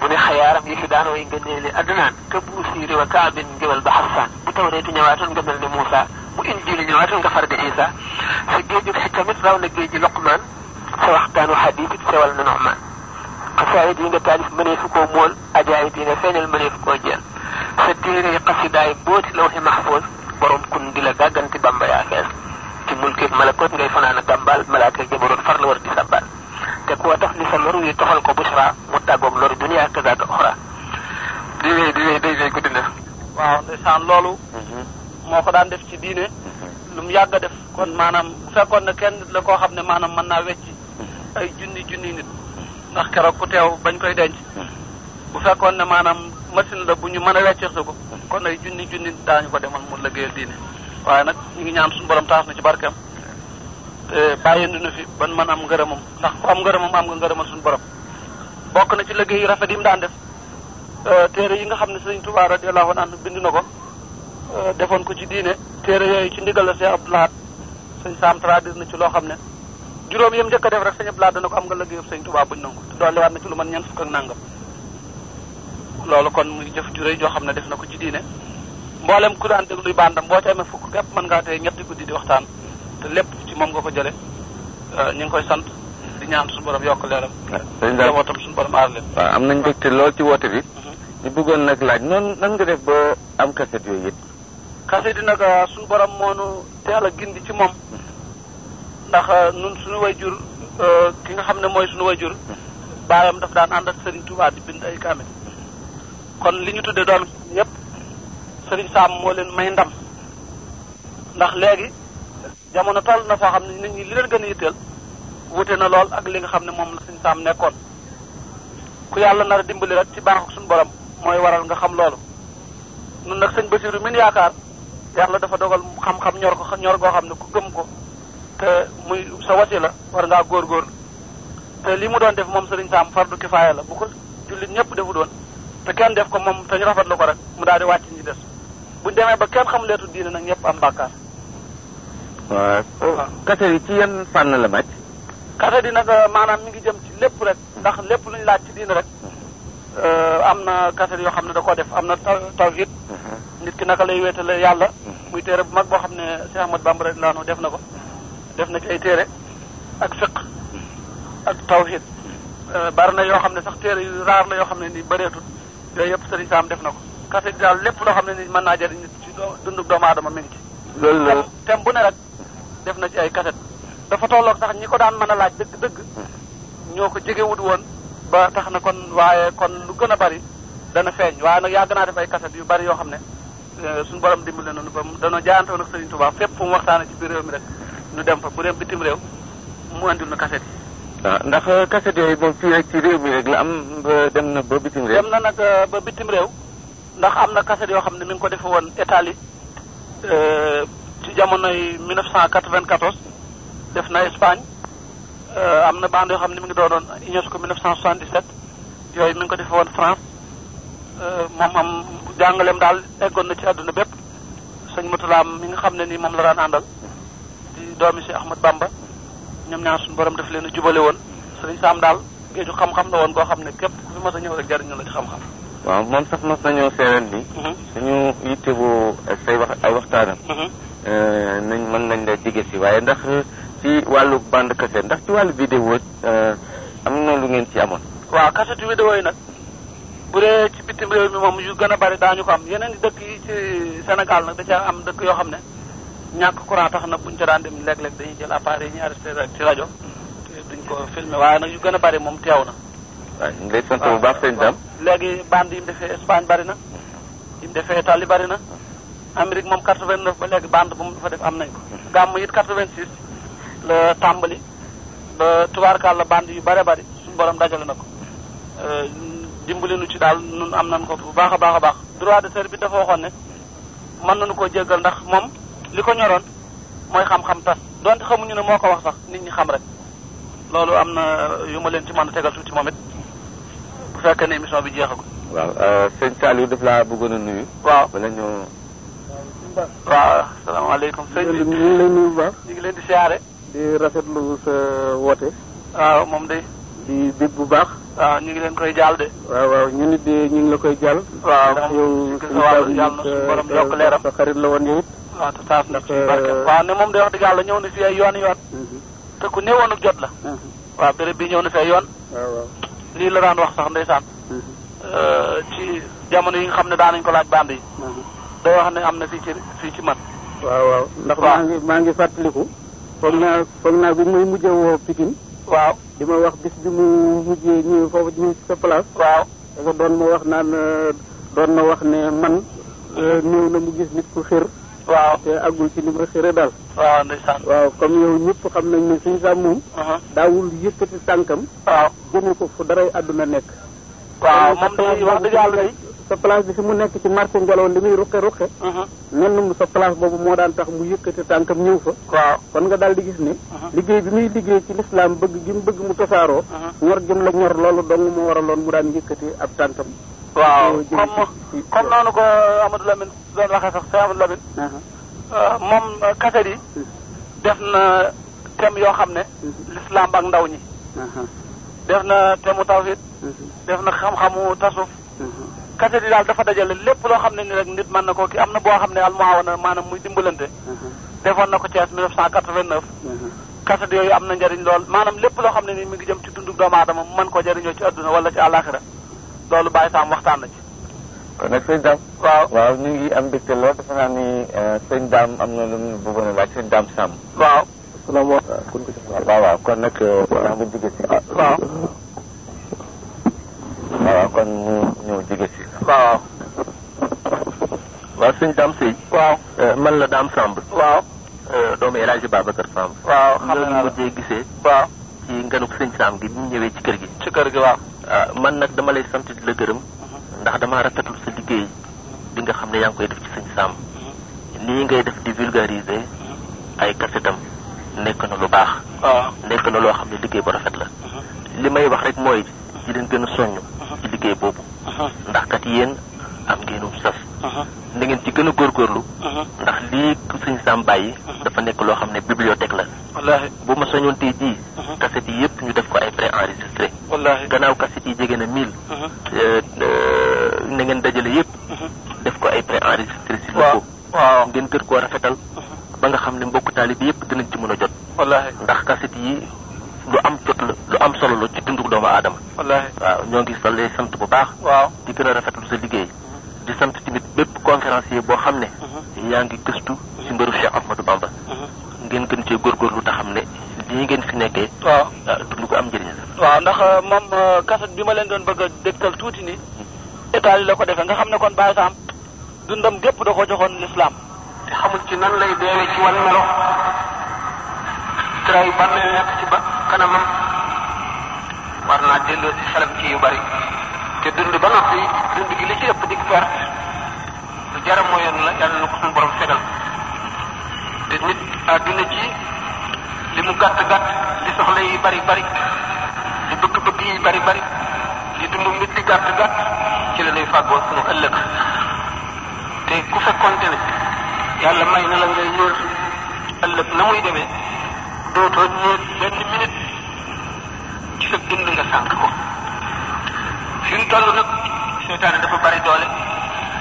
mu ne xayaaram yi fi daan way nga neeli adnaan ka buusiiri wa kaabin ngéwél ba xassaan bu tawreetu ñëwaatoon nga mel ne Muusa bu injiili ñëwaatoon nga farga Isa sa géeju xikamit raw na géeji Luqmaan sa waxtaanu xadiit it sewal na Nuxmaan xasaayit yi nga taalif mëneefu ko mool ajaayit yi nga feeñal mëneefu koo jeel borom kun di la gàgganti bamba yaa xees ci mulkeeg malakoot ngay fanaan a gàmbaal malaaka jabaroon far la war di sabbal te koo tax li sa loru yi toxal ko busra mu tàggoog loru duniyaa kazaaka oxra di wéy di wéy day wéy guddi na waaw ndeysaan loolu mhm. moo ko daan def ci diine mhm. lu mu yàgg a def kon maanaam bu fekkoon ne kenn la koo xam ne maanaam man naa wecc mhm. ay junni junni nit ndax keroog ku teew bañ koy denc bu fekkoon ne maanaam machine la bu ñu mën a weccirtu ko kon ay junni junni daañu ko demal mu liggéeyal diine waaye nag ñu ngi ñaan suñu borom taas na ci barkeem te bàyyeendu na fi ban man am ngërëmam ndax ku am ngërëmam am nga ngërëmal suñu borom bokk na ci liggéey yu rafet yi mu daan def euh, téere yi nga xam ne sëriñ Tuubaa radiyallahu anhu bind na ko euh, defoon ko ci diine téere yooyu ci ndigal la Cheikh Abdoul Ahad sëñ Sam na ci loo xam ne juróom yam njëkk a def rek sëñ Abdoul Ahad dana ko am nga liggéeyu sëriñ Tuubaa buñ nangu te dolliwaat na ci lu man ñeent fukk ak nangam loolu kon muy jëf ju rëy joo xam ne def na ko ci diine mboolem ku daan dégluy bandam boo ci amee fukk képp mën ngaa te ñetti guddi di waxtaan te lépp ci moom nga ko jële euh, ñu ngi koy sant di ñaan suñu borom yokk leeram njabootam suñu borom aar leen am nañ mbégte lool ci woote bi mhm. ñu bëggoon nag laaj noonu nan nga def ba am kaset yooyu yëpp kaset yi nag euh, suñu borom nu teel a gindi ci moom ndax euh, nun suñu way jur ki nga xam ne mooy suñu way jur mhm. baayam daf daan ànd ak Serigne Touba di bind ay kaamil kon li ñu tuddee doon ñëpp sëriñ Saam moo leen may ndam ndax léegi jamono toll na foo xam ne nit ñi li leen gën a yitteel wute na lool ak li nga xam ne moom la sëriñ Saam nekkoon ku yàlla nar a dimbali rek ci baaxu suñu borom mooy waral nga xam loolu nun nag sëñ Basiru min yaakaar yàlla dafa dogal xam-xam ñor ko goo xam ne ku gëm ko te muy sa wasi la war ngaa góorgóorlu te li mu doon def moom sëriñ Saam fardu kifaaya la bu ko jullit ñëpp defu doon te kenn def ko moom te ñu rafetlu ko rek mu daal di wàcc ñi des buñ demee ba kenn xamu leetu diine nag ñëpp am bàkkaar. waaw kaset yi ci yan fànn la màcc. kaset yi nag euh, maanaam mi ngi jëm ci lépp rek ndax lépp lu ñu laaj ci diine rek euh, am na kaset yoo xam ne da koo def am na taw tawhid mhm. nit ki naka lay wéetale yàlla. Mhm. muy téere bu mag boo xam ne Cheikh Ahmad Bamba radiyallahu def na ko. def na ci ay téere ak fiq taw mhm. tawhid euh, bari na yoo xam ne sax téere yu raar la yoo xam ne ni bëreetut. yooyu yëpp sëriñ Saam def na ko kaset daal lépp loo xam ne ni man naa jëriñ nit ci dundu doomu aadama mi ngi ci loolu la thème bu ne rek def na ci ay kaset dafa tolloog sax ñi ko daan mën a laaj dëgg dëgg ñoo ko jegewut woon ba tax na kon waaye kon lu gën a bari dana feeñ waaye nag yàgg naa def ay kaset yu bari yoo xam ne euh, suñu borom dimbali nañu ba danoo jaayante woon ak Sëriñ Tuubaa fépp fu mu waxtaane ci biir réew mi rek ñu dem fa bu dem bitim réew mu andil na kaset yi waaw ah, ndax euh, cassette yooyu moom fii rek ci réew mi rek la am dem na ba bitim réew. dem na nag euh, ba bitim réew ndax am na cassette yoo xam ne mi ngi ko defee woon Italie euh, ci jamonoy 1994 def na Espagne am na bande yoo xam ne mu ngi doon doonoon UNESCO 1977 yooyu mi ngi ko defee woon France moom am jàngaleem daal eggoon na ci àdduna bépp sëñ Matulaam mi nga xam ne nii moom la daan àndal di doomi si Bamba. ñoom ñaar suñu boroom daf leen a jubale woon sëriñ Saam daal géeju xam-xam la woon boo xam ne képp ku fi mos a ñëw rek jariñu la ci xam-xam. waaw moom sax mos nañoo seereel bi. Mhm. suñu yitte bu say wax ay waxtaanam. Mhm. Euh, nañ mën nañ la jege si waaye ndax ci wàllu band cassette ndax ci wàllu vidéo euh, am na lu ngeen ci amoon. waaw cassette vidéo yi nag bu dee ci bitim réew mi moom yu gën a bari daañu ko am yeneen dëkk yi ci Sénégal nag da am dëkk yoo xam ne. ñàkk courant tax na buñ ca daan dem léeg-léeg dañuy jël appareil yi ñu arrêté rek ci rajo te duñ ko filmé waaye nag yu gën a bari moom teew na. waaw ñu baax sëñ Dame. léegi bande yi mu defee Espagne bari na. yi mu defee Italie bari na. Amérique moom 89 ba léegi bande bu mu dafa def am nañ ko. gàmm it 86 la tàmbali ba tubaarkàlla bande yu bare bari suñu borom dajale na ko. Euh, dimbali nu ci daal nun am nañ ko bu baax a baax a baax. droit de terre bi dafa waxoon ne mën nañu koo jéggal ndax moom. li ko ñoroon mooy xam-xam tas donte xamuñu ne moo ko wax sax nit ñi xam rek loolu am na yu ma leen ci mën a tegal tuuti moom it bu fekkee ne émission bi jeexagul. waaw euh, sëñ Saliou daf laa bëggoon a nuyu. waaw bala ñu. waaw salaamaaleykum. sëñ bi ñu ngi lay bu baax. ñu leen di siyaare. rafetlu woote. moom day di bu baax. waaw ñu ngi leen koy jaal de. waaw waaw ñu nit ñu ngi la koy jaal. waaw ndax yow. suñu sa jaal na suñu borom yokk leeram sa xarit la woon yow waaw te taas la ci euh, ne moom day wax dëgg yàlla ñëw na fi ay yoon yoon mhm. te ku néewoon ak jot la mhm. waaw béréb bi ñëw na fi ay yoon lii la daan wax sax ndeysaan mhm. euh, ci jamono yi nga xam ne daan nañ ko laaj band yi day wax ne am na fii ci fii ci man waaw waaw ndax maa ngi maa ngi fàttaliku foog naa foog naa bi muy mujjee woo Pikine waaw di ma wax bis bi mu mujjee ñëw foofu ñëw sa place waaw doon ma wax naan euh, doon ma wax ne man néew na mu gis nit ku xër waaw te àggul ci li ma xëre dal waaw ndeysaan waaw ñëpp xam nañ ne suñ sàmm moom uh-huh. daawul yëkkati tànkam waaw jëme ko fu daray àdduna nekk waaw moom day wax dëgg yàlla day sa place bi fi mu nekk ci marché ngelaw li muy ruqe ruqe uh-huh. mel na sa place boobu moo daan tax mu yëkkati tànkam ñëw fa waaw kon nga daal di gis ne uh-huh. liggéey bi muy liggéey ci lislaam bëgg gi mu bëgg mu tasaaroo ñor jëm la ñor loolu dong moo waraloon mu daan yëkkati ab tànkam waaw comme comme noonu ko Amadou Lamine doon waxee sax Amadou Lamine. Euh, moom kaset euh, yi. Hmm. def na thème yoo xam ne. Hmm. l'islam ak ndaw ñi. def na thème mu tawhid. Hmm. def na xam-xamu tasuf. kaset yi daal dafa dajale lépp loo xam ne ni rek nit mën na ko ki am na boo xam ne almuawana maanaam muy dimbalante. defoon na ko Thiès 1989. kaset yooyu am na njariñ lool maanaam lépp loo xam ne ni mu ngi jëm ci dundu doomu aadama mu mën koo jariñoo ci adduna wala ci àllaaxira loolu bàyyi saam waxtaan na ci. kon nag sëñ Dame. waaw waaw ñu ngi am mbégte lool defe naa ni euh, am na lu mu bëggoon a laaj sëñ Dame Sam. waaw. asalaamaaleykum. waaw waaw kon nag. Euh, waaw mu jege ah, waaw. kon mu ñëw jege si. waaw. waaw sëñ Dame Seye. waaw euh, man la Dame Samb. waaw. doomu El Hadj Babacar waaw xam naa la loolu mujjee gisee. waaw. ci nganuk sëñ saam gi bi mu ñëwee ci kër gi. ci kër gi waaw. Ah, man nag dama lay sant la gërëm. ndax damaa rafetlu sa liggéey bi nga xam ne yaa ngi koy def ci sëñ saam. lii ngay def di vulgariser. ay kasetam nekk na lu baax. Ah. nekk na loo xam ne liggéey bu rafet la. li may wax rek mooy di leen gën a soññ. ci liggéey boobu. Uh-huh. ndax kat yéen am ngeenum sas. Uh-huh. na ngeen ci gën a góor góorlu uh-huh. ndax lii suñ saam bàyyi. Uh-huh. dafa nekk loo xam ne bibliothèque la. wallaahi bu ma soñoon tey jii. kaset uh-huh. yi yëpp ñu def ko ay pré enregistré. wallaahi gannaaw kaset yi jege na mille. Euh, na ngeen dajale yëpp. def ko ay pré enregistré. si waaw waaw ngeen kër ko rafetal. ba nga xam ne mbokk taalib yëpp dinañ ci mën a jot. wallaahi ndax kaset yi lu am jot la lu am solo la ci dundu doomu aadama. wallaahi waaw ñoo ngi salee sant bu baax. waaw di gën a rafetlu sa liggéey. di sant tamit bépp conférencier boo xam ne. Mhm. yaa ngi gëstu ci mhm. mbiru Cheikh Ahmadou Bamba. Mhm. ngeen gën ne lii ngeen fi nekkee. waaw ah, dund ko am njëriñ la. waaw ndax euh, moom kaset euh, bi ma leen doon bëgg a dégtal tuuti ni état yi la ko defee nga xam ne kon Baye Sam dundam gépp da koo joxoon l'islam. te xamul ci nan lay deewee ci wan melo. tray ban nekk ci ba kanamam war naa delloo ci xelam ci yu bari. te dund ba noppi dund gi li ci ëpp di perte lu jaram mooy yoon la yàlla na ko suñu borom fegal te nit àdduna ci li mu gàtt gàtt li soxla yi bari bari li bëgg-bëgg yi bari bari li dund nit di gàtt gàtt ci la lay fàggoo suñu ëllëg te ku fekkonte ne yàlla may na la ngay ñëw ëllëg na muy demee dootoo ñëw benn minute ci sa dund nga sànq ko. toll nag seytaane dafa bari doole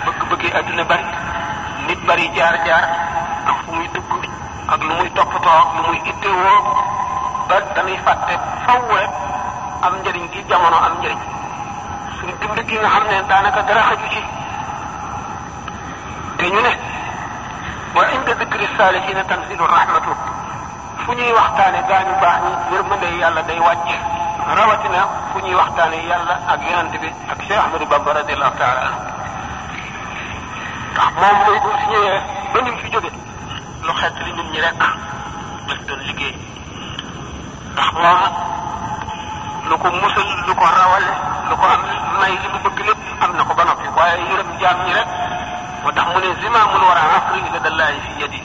bëgg-bëggi àdduna bari nit bari jaar-jaar ak fu muy dugg ak lu muy toppatoo ak lu muy ittewoo ba dañuy fàtte faw rek am njëriñ gi jamono am njëriñ suñ dund gi nga xam ne daanaka dara xaju ci te ñu ne wa inda dikri saalihiina tanzilu rahmatu fu ñuy waxtaane gaañu baax ñi yërmande yàlla day wàcc rawatina ku ñuy waxtaane yàlla ak yonent bi ak Cheikh Ahmadou Bamba radiyallahu taala anhu moom mooy bu fi ñëwee ba ni fi jóge lu xet li nit ñi rek daf moom lu ko musal lu ko rawale lu ko am may li mu bëgg am na ko ba noppi waaye yërëm jaam ñi rek moo tax mu ne zimaamul wara asri la dallahi fi yadi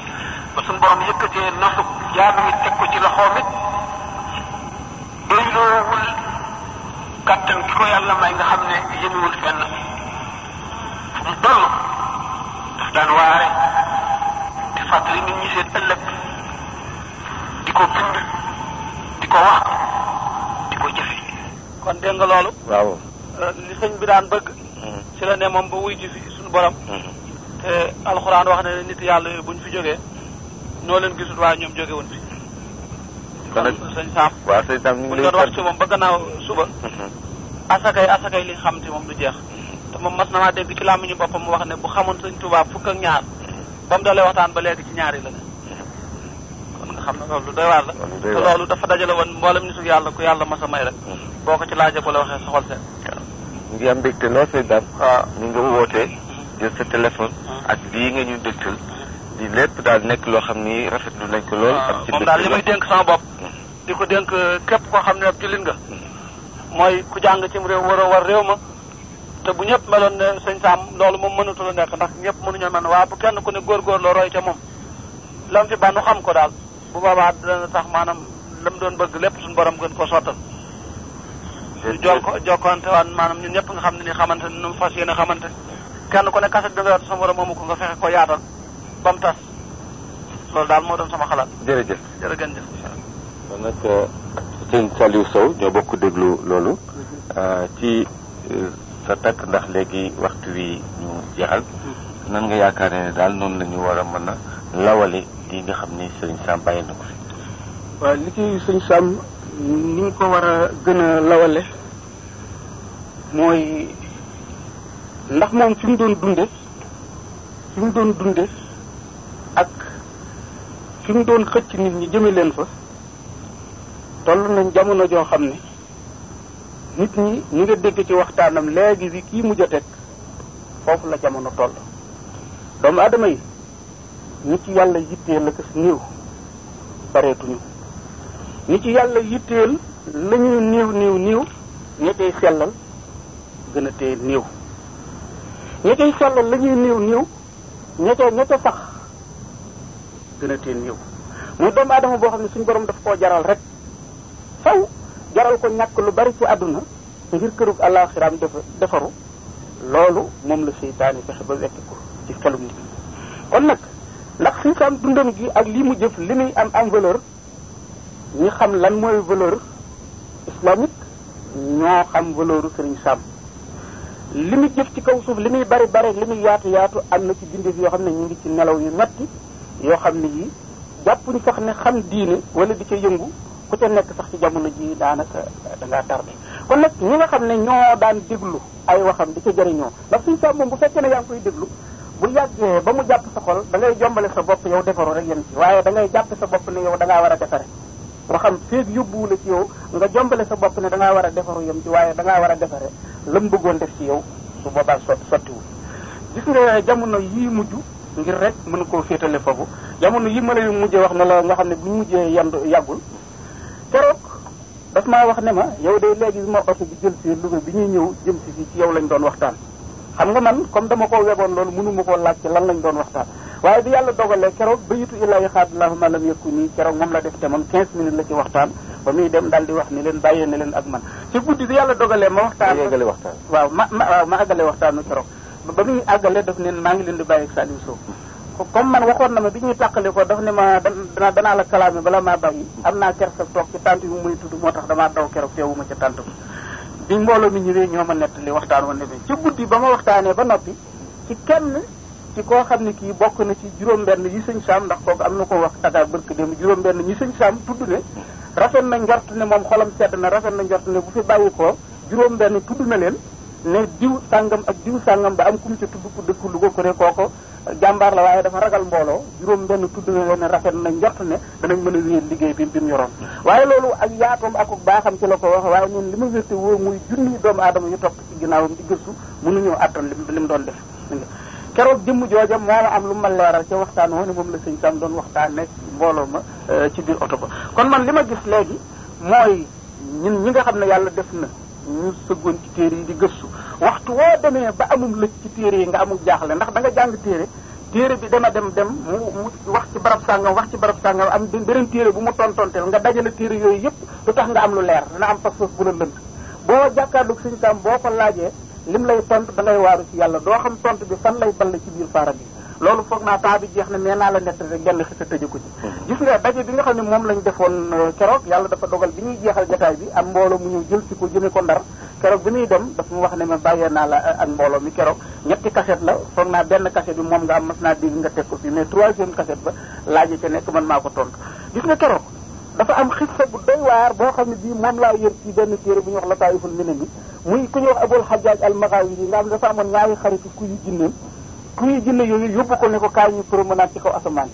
ba suñu borom yëkkatee nosu jaam ñi teg ko ci loxoom doyloowul kàttan ki ko yàlla may nga xam ne yënuwul fenn mu toll daf daan waare di fàttali nit ñi seen di ko bind di ko wax di ko jëfe kon dégg loolu euh, li sëñ bi daan bëgg hmm. ci la ne moom ba wuy ji fi suñu borom hmm. te alxuraan wax ne nit yàlla bu buñ fi jógee noo leen gisul waaye ñoom jóge woon fi kon nag sëñ Saam waaw sëñ ngi lay wax ci moom ba gannaaw suba asakay mm-hmm. asakay li nga xam te moom du jeex mm-hmm. te moom mas na maa dégg ci ñu boppam mu wax ne bu xamoon sëñ Tuubaa fukk ak ñaar mm-hmm. ba mu dalee waxtaan ba léegi ci ñaari la ne kon nga xam ne loolu lu waar la te loolu dafa dajale woon mboolem nitu yàlla ku yàlla mas a may rek boo ko ci laajee bu la waxee sa xol seen ñu ngi am mbégte lool sëñ Dame waaw ñu wootee jël sa téléphone ak lii nga ñu dégtal di lépp daal di nekk loo xam ni rafetlu nañ ko lool. dénk sama bopp. Mm. ko dénk képp koo xam ne ab jullit nga. Mm. mooy ku jàng cim réew war a war réew ma. te bu ñëpp meloon ne sëñ Saam loolu moom mënatu la nekk ndax ñëpp mënuñoo mel waaye bu kenn ku ne góorgóorloo roy ca moom. lam ci bànnu xam ko daal bu boobaa dana tax maanaam lam doon bëgg lépp suñu borom gën ko sottal. jërëjëf jokko jokkoonte waan maanaam ñun ñëpp nga xam ne ni xamante ne nu mu fas yéene xamante. kenn ku ne kaset bi nga yor sa morom amu ko nga fexe ko yaatal ba mu loolu daal moo doon sama xalaat. jërëjëf jërëjëf. kon nag euh, sëñ Saliou Sow ñoo bokk déglu loolu. Mhm. Euh, ci euh, sa takk ndax léegi waxtu wi ñu jeexal. Mhm. nan nga yaakaar ne daal noonu la war a mën a lawale di nga xam ni sëñ Sam bàyyi na ko fi. sëñ Sam ni ko war a gën a lawale mooy ndax moom fi mu doon dunde fi mu doon dunde ak fi mu doon xëcc nit ñi jëme leen fa toll nañ jamono joo xam ne nit ñi ñi nga dégg ci waxtaanam léegi bi kii mujj a teg foofu la jamono toll doomu aadama yi ñi ci yàlla yitteel la kas néew bareetuñu ñu ci yàlla yitteel la ñuy néew néew néew ña cay sellal gën a tee néew ña cay sellal la ñuy néew néew ña ca ña ca sax gën a tee néew muy doomu aadama boo xam ne suñu borom daf koo jaral rek faw jaral ko ñàkk lu bari ci àdduna ngir kërug àllaaxiraam dafa defaru loolu moom la seytaane fexe ba wekk ko ci xelum nit kon nag ndax suñu xam dundam gi ak lii mu jëf li muy am am valeur ñi xam lan mooy valeur islamique ñoo xam valeuru sëriñ Sam li muy jëf ci kaw suuf li muy bari bari li muy yaatu yaatu am na ci bindeef yoo xam ne ñu ngi ci nelaw yu metti yoo xam ne yii ñu sax ne xam diine wala di ca yëngu ku ca nekk sax ci jamono ji daanaka dangaa tardé kon nag ñi nga xam ne ñoo daan déglu ay waxam di ca jëriñoo ndax suñu saa moom bu fekkee ne yaa ngi koy déglu bu yàggee ba mu jàpp sa xol da ngay jombale sa bopp yow defaru rek yem ci waaye da ngay jàpp sa bopp ne yow da ngaa war a defare waxam féeg yóbbuwu la ci yow nga jombale sa bopp ne da war a defaru yem ci waaye da ngaa war a defare la mu bëggoon def ci yow su boobaa so sottiwul gis nga jamono yii mujj ngir rek mën koo féetalee foofu jamono yi ma lay mujjee wax na la nga xam ne bu ñu mujjee yandu yàggul keroog daf maa wax ne ma yow de léegi ma oto bi bi ñuy ñëw jëm lañ doon waxtaan xam nga man comme dama ko weboon loolu mënuma koo laaj ci lan lañ doon waxtaan waaye bi yàlla dogalee keroog ba yitu ilaahi xaadalaahu ma lam yëkku nii keroog moom la def te man 15 minutes la ci waxtaan ba muy dem daal di wax ni leen bàyyee ne leen ak man ci guddi bi yàlla dogalee ma waxtaan waaw ma waaw ma àggale waxtaanu keroog ba muy àggale daf ne maa ngi leen di bàyyi Saliou Sow comme man waxoon na ma bi ñuy tàqale ko daf ne ma dana danaa la kalaame bala maa bàyyi am naa kersa toog ci tànt yu muy tudd moo tax damaa daw keroog teewuma ca tànt bi bi mbooloo mi ñëwee ñoo ma nettali waxtaan woon demee ci guddi ba ma waxtaanee ba noppi ci kenn ci koo xam ne kii bokk na ci juróom-benn yi sëñ Saam ndax kooku am na ko wax Dakar barke dem juróom-benn ñi sëñ Saam tudd ne rafet na njort ne moom xolam sedd na rafet na ne bu fi ko juróom-benn tudd na leen ne diw sàngam ak diw sàngam ba am ku mu ca tudd ku dëkk Louga ku ko kooko jàmbaar la waaye dafa ragal mbooloo juróom benn tudd na leen rafet na njort ne danañ mën a wéyal liggéey bi bi mu yoroon waaye loolu ak yaatoom ak baaxam ci la ko wax waaye ñun li ma wérte wóor muy junni doomu aadama yu topp ci ginnaawam di gëstu mënuñoo attan li mu doon def keroog jëmm jooja moo am lu ma leeral waxtaan woo ne la sëñ Sam doon waxtaan mbooloo ma eh, ci biir oto ba kon man li ma gis léegi mooy ñun ñi nga xam ne yàlla def na ñu sëggoon ci téere yi di gëstu waxtu woo demee ba amum lëj ci téere yi nga amul jaaxle ndax da nga jàng téere téere bi dana dem dem mu mu wax ci barab sàngam wax ci barab sàngam am beneen téere bu mu tontonteel nga dajale téere yooyu yëpp lu tax nga am lu leer dana am pas-pas bu la lënd boo jàkkaarloog suñu kaam boo ko laajee lim lay tont da ngay waaru ci yàlla doo xam tont bi fan lay balle ci biir yi loolu foog naa temps jeex na nee naa la nett rek benn xisa tëju ko ci gis nga daje bi nga xam ne moom lañ defoon euh, keroog yàlla dafa dogal bi ñuy jeexal jotaay bi am mbooloo mu ñëw jël si ko jëme ko ndar keroog bi muy dem dafa ne ma bàyyee naa la euh, ak mbooloo mi keroog ñetti cassette la foog naa benn cassette bi moom nga mas naa dégg nga teg ko fii mais troisième cassette ba laaje ca nekk man maa ko tontu gis nga keroog dafa am xissa bu doy waar boo xam ne bii moom laa yër ci benn téere bu ñu wax la taayiful minan bi muy ku ñuy wax abul xajaaj al maxaawi yi nga xam ne dafa amoon ñaari xaritu kuy jinnéem kuy jinne yooyu yóbbu ko ne ko kaay ñu promenade ci kaw asamaan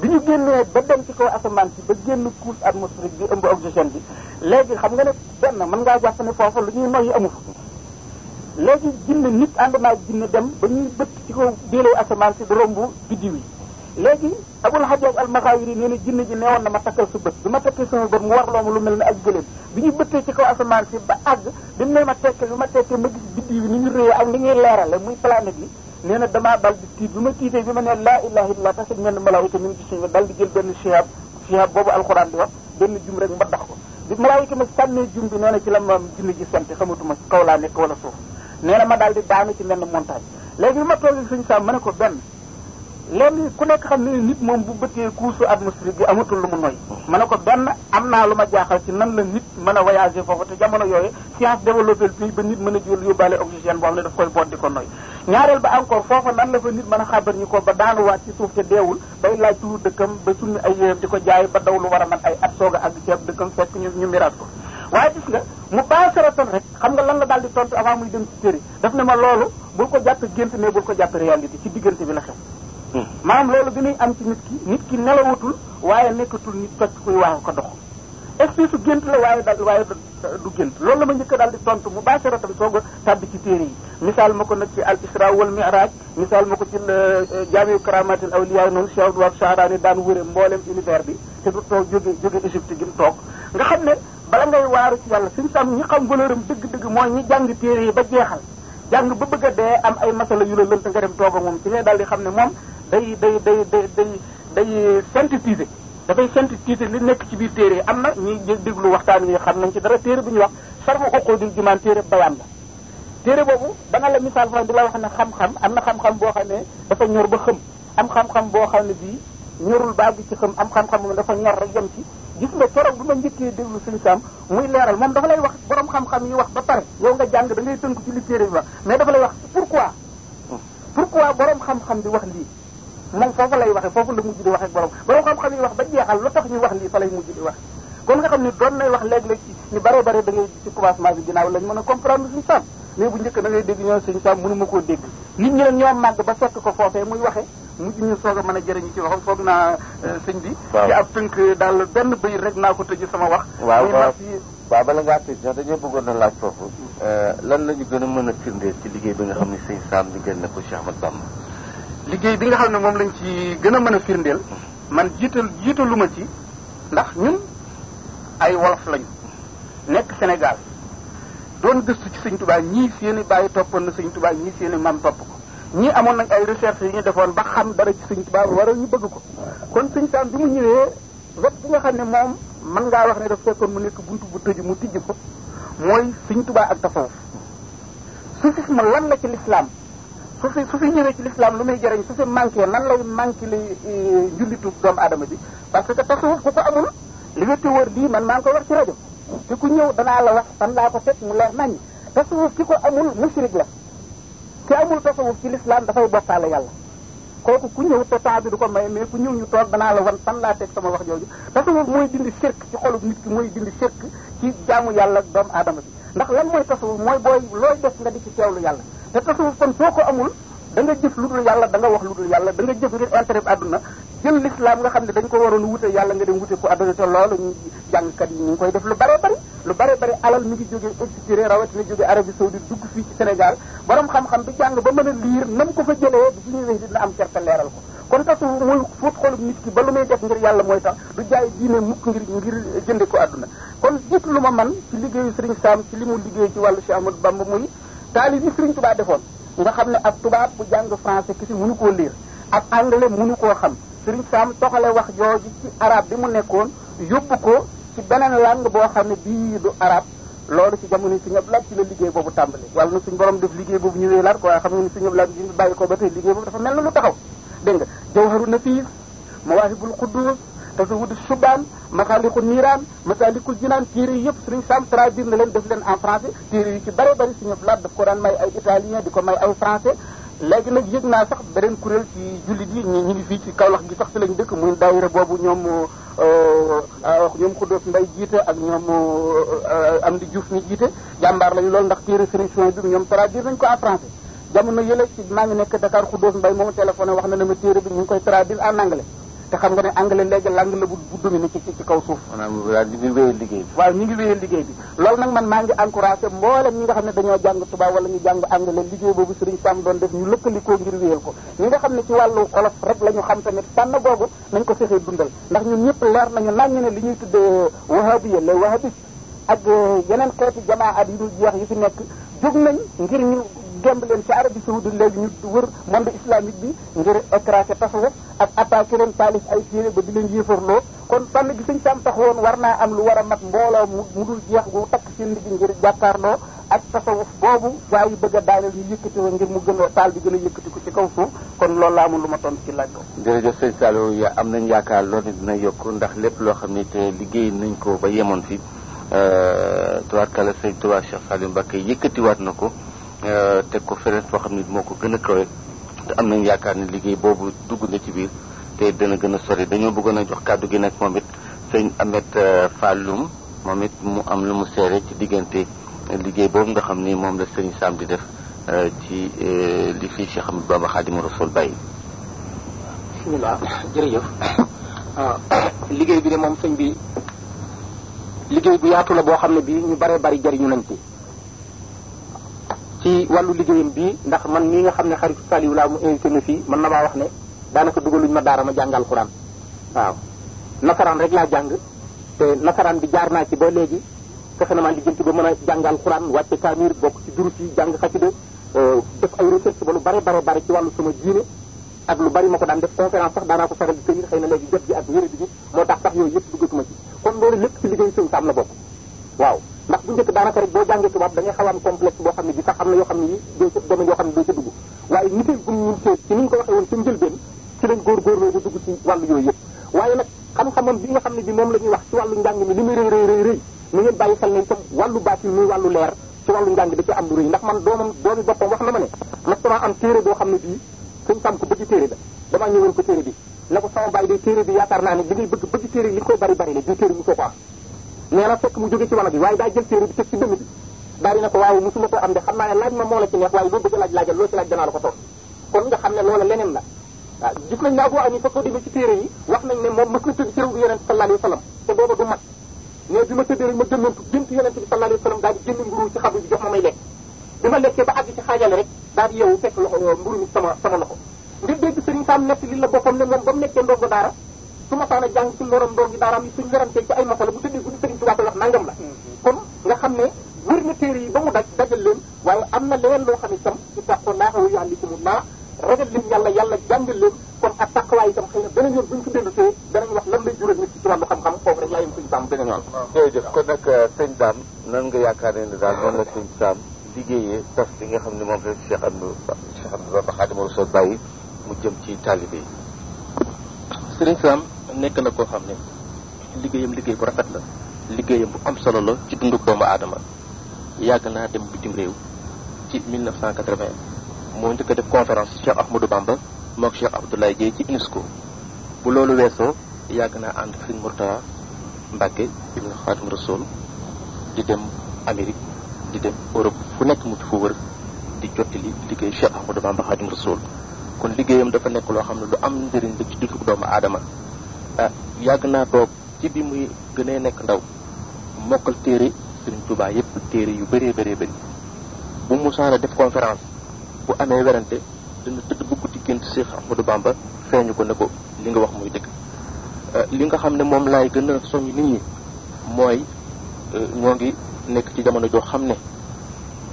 bi ñu génnee ba dem ci kaw asamaan si ba génn couche atmosphérique bi ëmb oxygène bi léegi xam nga ne benn mën ngaa jàpp ne foofu lu ñuy noyyi amu fa léegi jinne nit ànd naa jinne dem ba ñuy bëtt ci kaw déelay asamaan si di romb biddiw yi léegi abul xajaaj almaxaawiri nee na jinne ji neewoon na ma takkal su bët bi ma takkee sama bët mu warloo ma lu mel ne ak gëléem bi ñu bëttee ci kaw asamaan si ba àgg bi mu ne ma tekkee bi ni ñu réyee ak ni ñuy leerale muy planète yi nee na damaa dal di tiit bi ma tiitee bi ma ne laa ilaha illallah taxit mel ni malaayika mi ngi ci suñu dal di jël benn sihaab sihaab boobu alxuraan di wax benn jum rek ma dax ko bi malaayika ma sànnee jum bi nee na ci la ma jinne ji sant xamatuma kaw laa nekk wala suuf nee na ma daal di daanu ci mel ni montagne léegi bi ma toog suñu saam ma ne ko benn léegi ku nekk xam ne nit moom bu bëttee kuusu atmosphérique bi amatul lu mu noy ma ne ko benn am naa lu ma jaaxal ci nan la nit mën a voyager foofu te jamono yooyu science développé le pays ba nit mën a jël yóbbaale oxygène boo xam ne daf koy boot di ko noy ñaareel ba encore foofa nan la fa nit mën a xabar ñi ko ba daanuwaat ci suuf te deewul bay laaj tuur dëkkam ba summi ay yéyam di ko jaay ba daw lu war a man ay at soog ak àgg ceeb dëkkam fekk ñu ñu miraat ko xam nga lan la daal di tontu avant muy dem ci téere ma loolu bul ko jàpp gént mais bul ko jàpp réalité ci diggante bi la Hmm. maanaam loolu bi nuy am ci nit ki nit ki nelawatul waaye nekkatul nit toj kuy waaye ko dox espèce su gént la waaye dal waaye du gént loolu la ma njëkk daal di tontu mu baasaratan soog a tàbbi ci téere yi misaal ma ko nag ci al isra wal mi'raj misaal ma ko ci euh, euh, jaamiu karamatil awliya noonu Cheikh Abdou Wahab Chaaraani daan wëre mboolem univers bi te du toog jóge jóge Égypte gi mu toog nga xam ne bala ngay waaru ci yàlla suñu tam ñi xam valeuram dëgg-dëgg mooy ñi jàng téere yi ba jàng ba bëgg a dee ay masala la lënt nga dem toog daal di xam ne moom day day day day day day synthétiser dafay synthétiser li nekk ci biir téere am na ñuy déglu waxtaan wi xam nañ ci dara téere bu ñuy wax sarma oqoo dil jumaan téere bayaan la téere boobu dana la misaal fan di la wax ne xam-xam am na xam-xam boo xam ne dafa ñor ba xëm am xam-xam boo xam ne bii ñorul ba bi ci xëm am xam-xam moom dafa ñor rek yem ci gis nga torop bu ma njëkkee déglu suñu saam muy leeral moom dafa lay wax borom xam-xam yi wax ba pare yow nga jàng da ngay tënk ci li téere bi wax mais dafa lay wax pourquoi hmm. pourquoi borom xam-xam bi wax lii moom foofu lay waxe foofu la mujj di waxe borom borom xam-xam yi wax ba jeexal lu tax ñu wax lii fa lay mujj di wax kon nga xam ni doon nay wax léeg-léeg ci ñu bare bare da ngay ci commencement bi ginnaaw lañ mën a comprendre suñu saam mais bu njëkk da koo dégg nit ñi nag ñoo a mën a jëriñu ci waxam foog naa euh, sëñ bi ci ab tënk daal benn bëy rek naa ko tëj sama wax waaw waaw waaw bala ngaa tëj laaj foofu euh, lan la gën a mën a firndeel ci liggéey bi nga xam ne sëñ saam liggéey na ko Cheikh Ahmad liggéey bi nga xam ne moom lañu ci gën a mën a firndeel man jiital jiitaluma ci ndax ñun ay wolof lañu nekk senegal doon gëstu ci sëñ Tuubaa ñii seeni bàyyi toppoon na sëñ Tuubaa ñii seeni maam topp ko ñii amoon nañ ay recherche yu ñu defoon ba xam dara ci sëñ Tuubaa waral ñu bëgg ko kon sëñ Saam bi mu ñëwee wet bi nga xam ne moom mën ngaa wax ne daf fekkoon mu nekk buntu bu tëju mu tijj ko mooy sëñ tubaa ak tasawuf sufisme lan la ci lislaam fu fi fu fi ñëwee ci l'islam lu muy jëriñ su fi manqué nan lay manqué li njullitu doomu aadama bi parce que tasawuf ku ko amul li wétti wër lii man maa ngi ko war ci rajo te ku ñëw danaa la wax fan laa ko set mu leer nañ tasawuf ki ko amul mushrik la ki amul tasawuf ci l'islam dafay bokkaale yàlla kooku ku ñëw te taa bi du ko may mais ku ñëw ñu toog danaa la wan fan laa teg sama wax jooju tasawuf mooy dindi sirk ci xolub nit ki mooy dindi sirk ci jaamu yàlla doomu aadama bi ndax lan mooy tasawuf mooy booy looy di ci teewlu yàlla te tasawuf kon soo ko amul da nga jëf lu dul yàlla da nga wax lu dul yàlla da nga jëf ngir intérêt àdduna jël l'islam nga xam ne dañ ko waroon wute yàlla nga dem wute ko àdduna te loolu ñu jàngkat yi ñu ngi koy def lu bare bari lu bare bari alal mi ngi jógee extiré rawatina jógee Arabie Saoudite dugg fii ci Sénégal borom xam-xam bi jàng ba mën a liir nam ko fa jëlee bi ci ñuy wéy dina am certe leeral ko kon tasawuf mooy fóot xolub nit ki ba lu muy def ngir yàlla mooy tax jaay diine mukk ngir ngir ko àdduna kon jit lu ma man ci liggéeyu Serigne li mu liggéey ci wàllu Cheikh Ahmadou Bamba muy taalib yi Sëriñ Tuubaa defoon nga xam ne ab tubaab bu jàng français kisi mënu koo lire ab anglais mënu koo xam Sëriñ Saam toxale wax jooju ci arab bi mu nekkoon yóbbu ko ci beneen langue boo xam ne bii du arab loolu ci jamono yi Sëriñ Abdu Lahat ci la liggéey boobu tàmbali wala na suñ borom def liggéey boobu ñëwee laat ko waaye xam nga ni Sëriñ Abdu Lahat bi bàyyi ko ba tey liggéey boobu dafa mel na lu taxaw dégg nga jawharu nafiis mawaahibul quddus tasawudu subaan masaaliku niiraan masaalikul jinaan téere yi yëpp suñu saam traduire na leen def leen en français téere yu ci bare bari suñu laat daf ko daan may ay italien di ko may ay français léegi nag yëg naa sax beneen kuréel ci jullit yi ñu ñu fii ci Kaolack gi sax fi lañ dëkk muy daayira boobu ñoom euh, euh, ñoom Xuddoos Mbay jiite ak ñoom euh, Amdi Diouf mi jiite jàmbaar lañu lool ndax téere sëriñ soin bi ñoom traduire nañu ko en français jamono yële maa wax na ne ma ñu koy traduire en anglais te xam nga ne anglais léegi langue la bu domine ci ci kaw suuf. maanaam daal ngi wéyal liggéey bi. waaw ñu ngi wéyal liggéey bi loolu nag man maa ngi encouragé mboolem ñi nga xam ne dañoo jàng tubaab wala ñu jàng anglais liggéey boobu Serigne Sam doon def ñu lëkkalikoo ngir wéyal ko ñi nga xam ne ci wàllu olof rek la xam tamit fànn googu nañ ko fexee dundal ndax ñun ñëpp leer nañu nañu ne li ñuy tuddee wahabiya la wahabis ak yeneen xeeti jamaa at yu dul jeex yu fi nekk jóg nañ ngir ñu gemb leen ci Arabie Saoudite léegi ñu wër monde islamique bi ngir écraser tasawuf ak attaqué leen taalif ay téere ba di leen yéefarloo kon fànn gi suñ tax taxawoon war naa am lu war a mat mbooloo mu dul jeex gu takk seen liggéey ngir jàkkaarloo ak tasawuf boobu gaa yi bëgg a daaneel ñu yëkkati woon ngir mu gën a taal bi gën a yëkkati ko ci kaw suuf kon loolu laa amul lu ma tontu ci laaj boobu. jërëjëf am nañ yaakaar loolu dina yokk ndax lépp loo xam ne te liggéey nañ ko ba yemoon fi euh, tubaarkala sëñ Tuubaa Cheikh Saliou Mbacké yëkkatiwaat na ko Euh, teg ko feneen foo xam ne moo ko gën a kawe te am nañu yaakaar ne liggéey boobu dugg na ci biir te dana gën a sore dañoo bëggoon a jox kàddu gi nag moom it sëñ Amet euh, Falloum moom it mu am lu mu seere ci diggante liggéey boobu nga xam ni moom la sëñ Sam di def euh, ci li fii Cheikh Ahmadou Bamba Khadimu Rasul bàyyi. Ah, liggéey bi de moom sëñ bi liggéey bu yaatu la boo xam ne bii ñu baree bari jariñu nañ ko ci wàllu liggéeyam bi ndax man mii nga xam ne xaritu Saliou laa mu invité na fii man na maa wax ne daanaka dugaluñ ma daara ma jàng alxuraan waaw nasaraan rek laa jàng te nasaraan bi jaar naa ci ba léegi fexe na maa lijjanti ba mën a jàng alxuraan wàcce kaamir bokk ci durus yi jàng xasida euh, def ay recherche ba lu bare bare bare ci wàllu sama diine ak lu bari ma daan def conférence sax daanaa ko faral xëy na léegi jot gi ak wéra moo tax sax yooyu yëpp duggatuma ci kon loolu lépp ci liggéey sëñ Sam la bokk waaw ndax bu njëkk daanaka rek boo jàngee tubaab da ngay xaw a am complexe boo xam ne bi sax am na yoo xam ne yi doo ci waaye niteel bu ñu teel ci ni ñu ko waxee woon ci njëlbeen ci lañ góorgóorloo ba dugg ci wàllu yooyu waaye nag xam-xamam bi nga xam ne bi moom la ñuy wax ci wàllu njàng mi li muy rëy rëy rëy rëy mu ngeen bàyyi xel ne itam wàllu baatil muy wàllu leer ci wàllu njàng da ci am lu rëy ndax man doomam doomi boppam wax na ma ne mas damaa am téere xam ne bii suñ ko bëgg na ko sama bàyyi day téere yaakaar naa ne li ngay bëgg bëgg téere li koy nee na fekk mu jóge ci wala bi waaye daa jël téere bi teg ci dënn bi daal di ne ko waaye musuma ko am de xam ne laaj ma moo la ci neex waaye boo bëgg laaj laajal loo ci laaj danaa la ko toog kon nga xam ne loola leneen la gis nañ ne Abu Hanifa soo demee ci téere yi wax nañ ne moom mës na tëdd ci réew bi yonente sallallahu te booba du mat mais bi ma tëddee rek ma gëmmantu gént yonente bi sallallahu alayhi daal di génn mburu ci xabru bi bi ma lekkee su ma saana jàng ci loram ndoo gi daaraam yi suñ werantee ci ay masala bu tëddee bu ñu sëriñ wax nangam la kon nga xam ne wër na téere yi ba mu daj dajal leen waaye am na leneen loo xam ne itam i taqoo laaxawu yuallikumullah ragal leen yàlla yàlla jàngal leen kon ak taqwaay itam xëy na beneen yoon bu ñu ko dellusee xam-xam foofu rek laayam suñu saam beneen kon nag euh, sëñ daam nan nga yaakaar ne daal noonu la sëñ saam liggéeyee tas li nga xam ne moom rek Cheikh Abdou Cheikh Abdou Bamba Xaadimu Rasuul bàyyi mu jëm ci taalibe yi sëriñ saam nekk na koo xam ne liggéeyam liggéey bu rafet la liggéeyam bu am solo la ci dundu doomu aadama yàgg naa dem bitim réew ci 1980 moo njëkk a def conférence Cheikh Ahmadou Bamba mook Cheikh Abdoulaye Dieye ci UNESCO bu loolu weesoo yàgg naa ànd ak Sëriñ Mourtala Mbacke ibn Khadim di dem Amérique di dem Europe fu nekk mu fa wër di jottali liggéey Cheikh Ahmadou Bamba Khadim Rasoul kon liggéeyam dafa nekk loo xam ne lu am njëriñ la ci dundu doomu aadama ah yàgg naa toog ci bii muy gën gënee nekk ndaw mokkal téere Sëriñ Tuubaa yépp téere yu bëree bëree bëri bu musaana def conférence bu amee werante dina tëdd bu guddi gént Seex Ahmadu Bamba ko ne ko li nga wax muy dëgg ah, li nga xam ne moom laay gën a soññ nit ñi mooy eh, ñoo ngi nekk ci jamono joo xam ne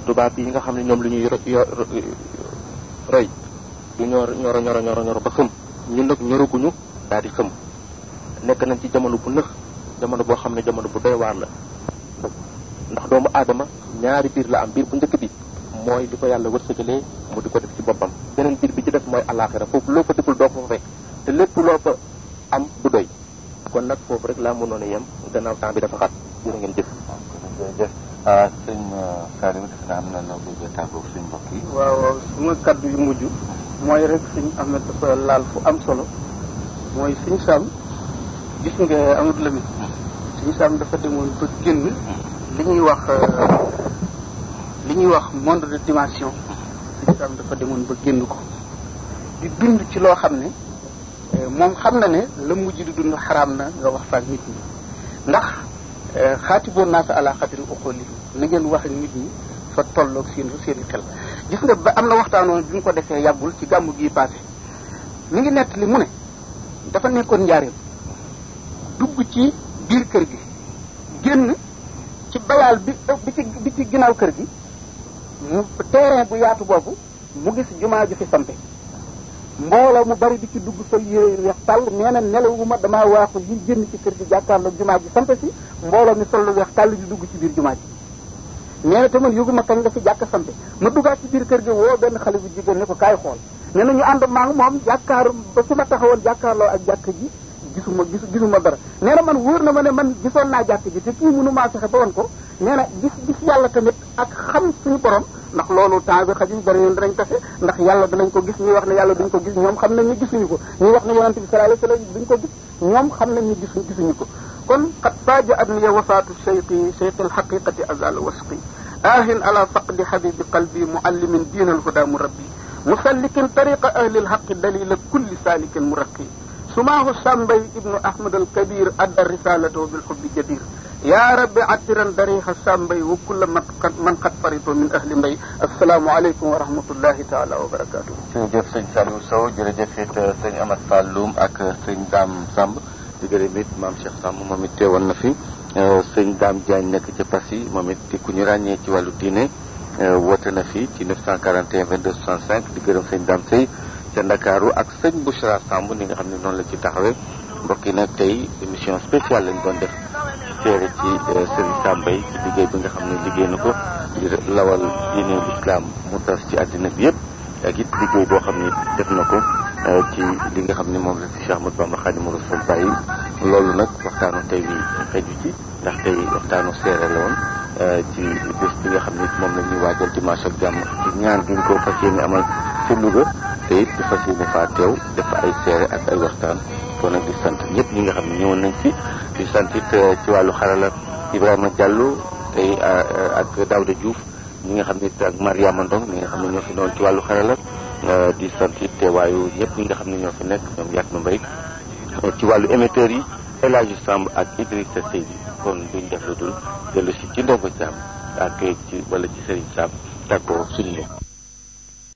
tubaab yi nga xam ne ñoom lu ñuy roy du ñor ñoro ñoro ñoro ñoro ba xëm ñun nag ñoraguñu daal di xëm nekk nañ ci jamono bu nëx jamono boo xam ne jamono bu doy waar la ndax doomu aadama ñaari biir la am biir bu njëkk bi mooy li ko yàlla wërsëgalee mu di ko def ci boppam beneen biir bi ci def mooy alaaxira foofu loo fa deful doo ko fekk te lépp loo fa am bu doy kon nag foofu rek laa mënoon a yem gannaaw temps bi dafa xat jërë ngeen jëf jërëjëf ah, sëñ ah, na a tàggoo suñ yi waaw suma kaddu yu mujj mooy rek suñ am na dafa laal fu am solo mooy suñ sam gis nga amut la mi suñu sàmm dafa demoon ba génn li ñuy wax li ñuy wax monde de dimension suñu sàmm dafa demoon ba génn ko di dund ci loo xam ne moom xam na ne la mujj di dund xaraam na nga wax faak nit ñi ndax xaatiboon naa sa ala xadri uquli na ngeen wax ak nit ñi fa tolloog seen seen xel gis nga ba am na waxtaanoon bi ñu ko defee yàggul ci gàmmu gii passé mu ngi nett li mu ne dafa nekkoon njaareem dugg ci biir kër gi génn ci bayaal bi bi ci bi ci ginnaaw kër gi mu terrain bu yaatu boobu mu gis jumaa ju fi sampe mbooloo mu bari di ci dugg sol yére yu weex tàll nee na nelawuma damaa waaxu li génn ci kër gi jàkkaarloog jumaa ji sampe si mbooloo mi sol lu weex tàll di dugg ci biir jumaa ji nee na te man yëguma kañ la fi jàkka sampe ma duggaat ci biir kër gi woo benn xale bu jigéen ne ko kaay xool nee na ñu ànd maa ngi moom jàkkaar ba fi taxawoon jàkkaarloo ak jàkk ji gisuma gisu gisuma dara nee na man wóor na ma man gisoon naa jàkk ji te kii mënu maa fexe ba woon ko nee na gis gis yàlla tamit ak xam suñu borom ndax loolu temps bi xajul bari yoon danañ tase ndax yàlla danañ ko gis ñuy wax ne yàlla duñ ko gis ñoom xam nañ ñu gisuñu ko ñuy wax ne yonente bi sallallahu alayhi wasallam duñ ko gis ñoom xam nañ ñu gisuñ gisuñu ko kon xat faja adniya wafaatu cheyqi cheyqi alxaqiqati azal wasqi ahin ala faqdi habibi qalbi muallimin diin alhuda murabbi musallikin mu ahli alhaqi dalila kulli salikin sumaahu sambay ibnu ahmad al kabir adda risalatahu bil hubbi jadir yaa rabbi attiran dariha sambay wa kulla man qad farito min ahli mbay asalaamu aleykum wa rahmatullahi taala wa barakatuh jërëjëf sëñ Saliou Sow jërëjëf it euh, sëñ Amath Fall Loum ak euh, sëñ Dame Samb di gërëm it maam Cheikh Samb moom it teewoon na fi euh, sëñ Dame Diagne nekk ci Passy moom it di ku ñu ràññee ci wàllu diine woote na fi ci 941 22 65 di gërëm sëñ Dame Sey ca Ndakaaru ak sëñ Bouchra Samb ni nga xam ne noonu la ci taxawee mbokk yi nag tey émission spéciale lañ doon def seere ci euh, sëriñ Sambay ci liggéey bi nga xam ne liggéey na ko lawal diine lislaam mu tas ci àddina bi yëpp ak it liggéey boo xam ne def na ko euh, ci li nga xam ne moom la si Cheikh Ahmadou ma Khadimu Rasul bàyyi loolu nag waxtaanu tey wi xeju ci ndax tey waxtaanu seere la woon euh, ci bés nga xam ni moom la ñuy waajal dimanche ak jàmm ci ñaan gi ñu ko fas yéene amal ci Louga te it di fas yéene faa teew def ay seere ak ay waxtaan kon nag di sant ñëpp ñi nga xam ñëwoon nañ fi di sant euh, ci wàllu xarala Ibrahima Diallo tey ak Daouda Diouf ñi nga xam ne ak Mariama Ndong ñi nga xam ne ñoo fi doon ci wàllu xarala euh, di sant it teewaayu ñëpp ñi nga xam ne ñoo fi nekk ñoom yàgg na mbay euh, ci wàllu émetteurs yi El yu Samb ak Idrissa Sey bi kon duñ def lu dul dellu si ci ndongo Samb ak ci wala ci Serigne Samb tàggoo suñu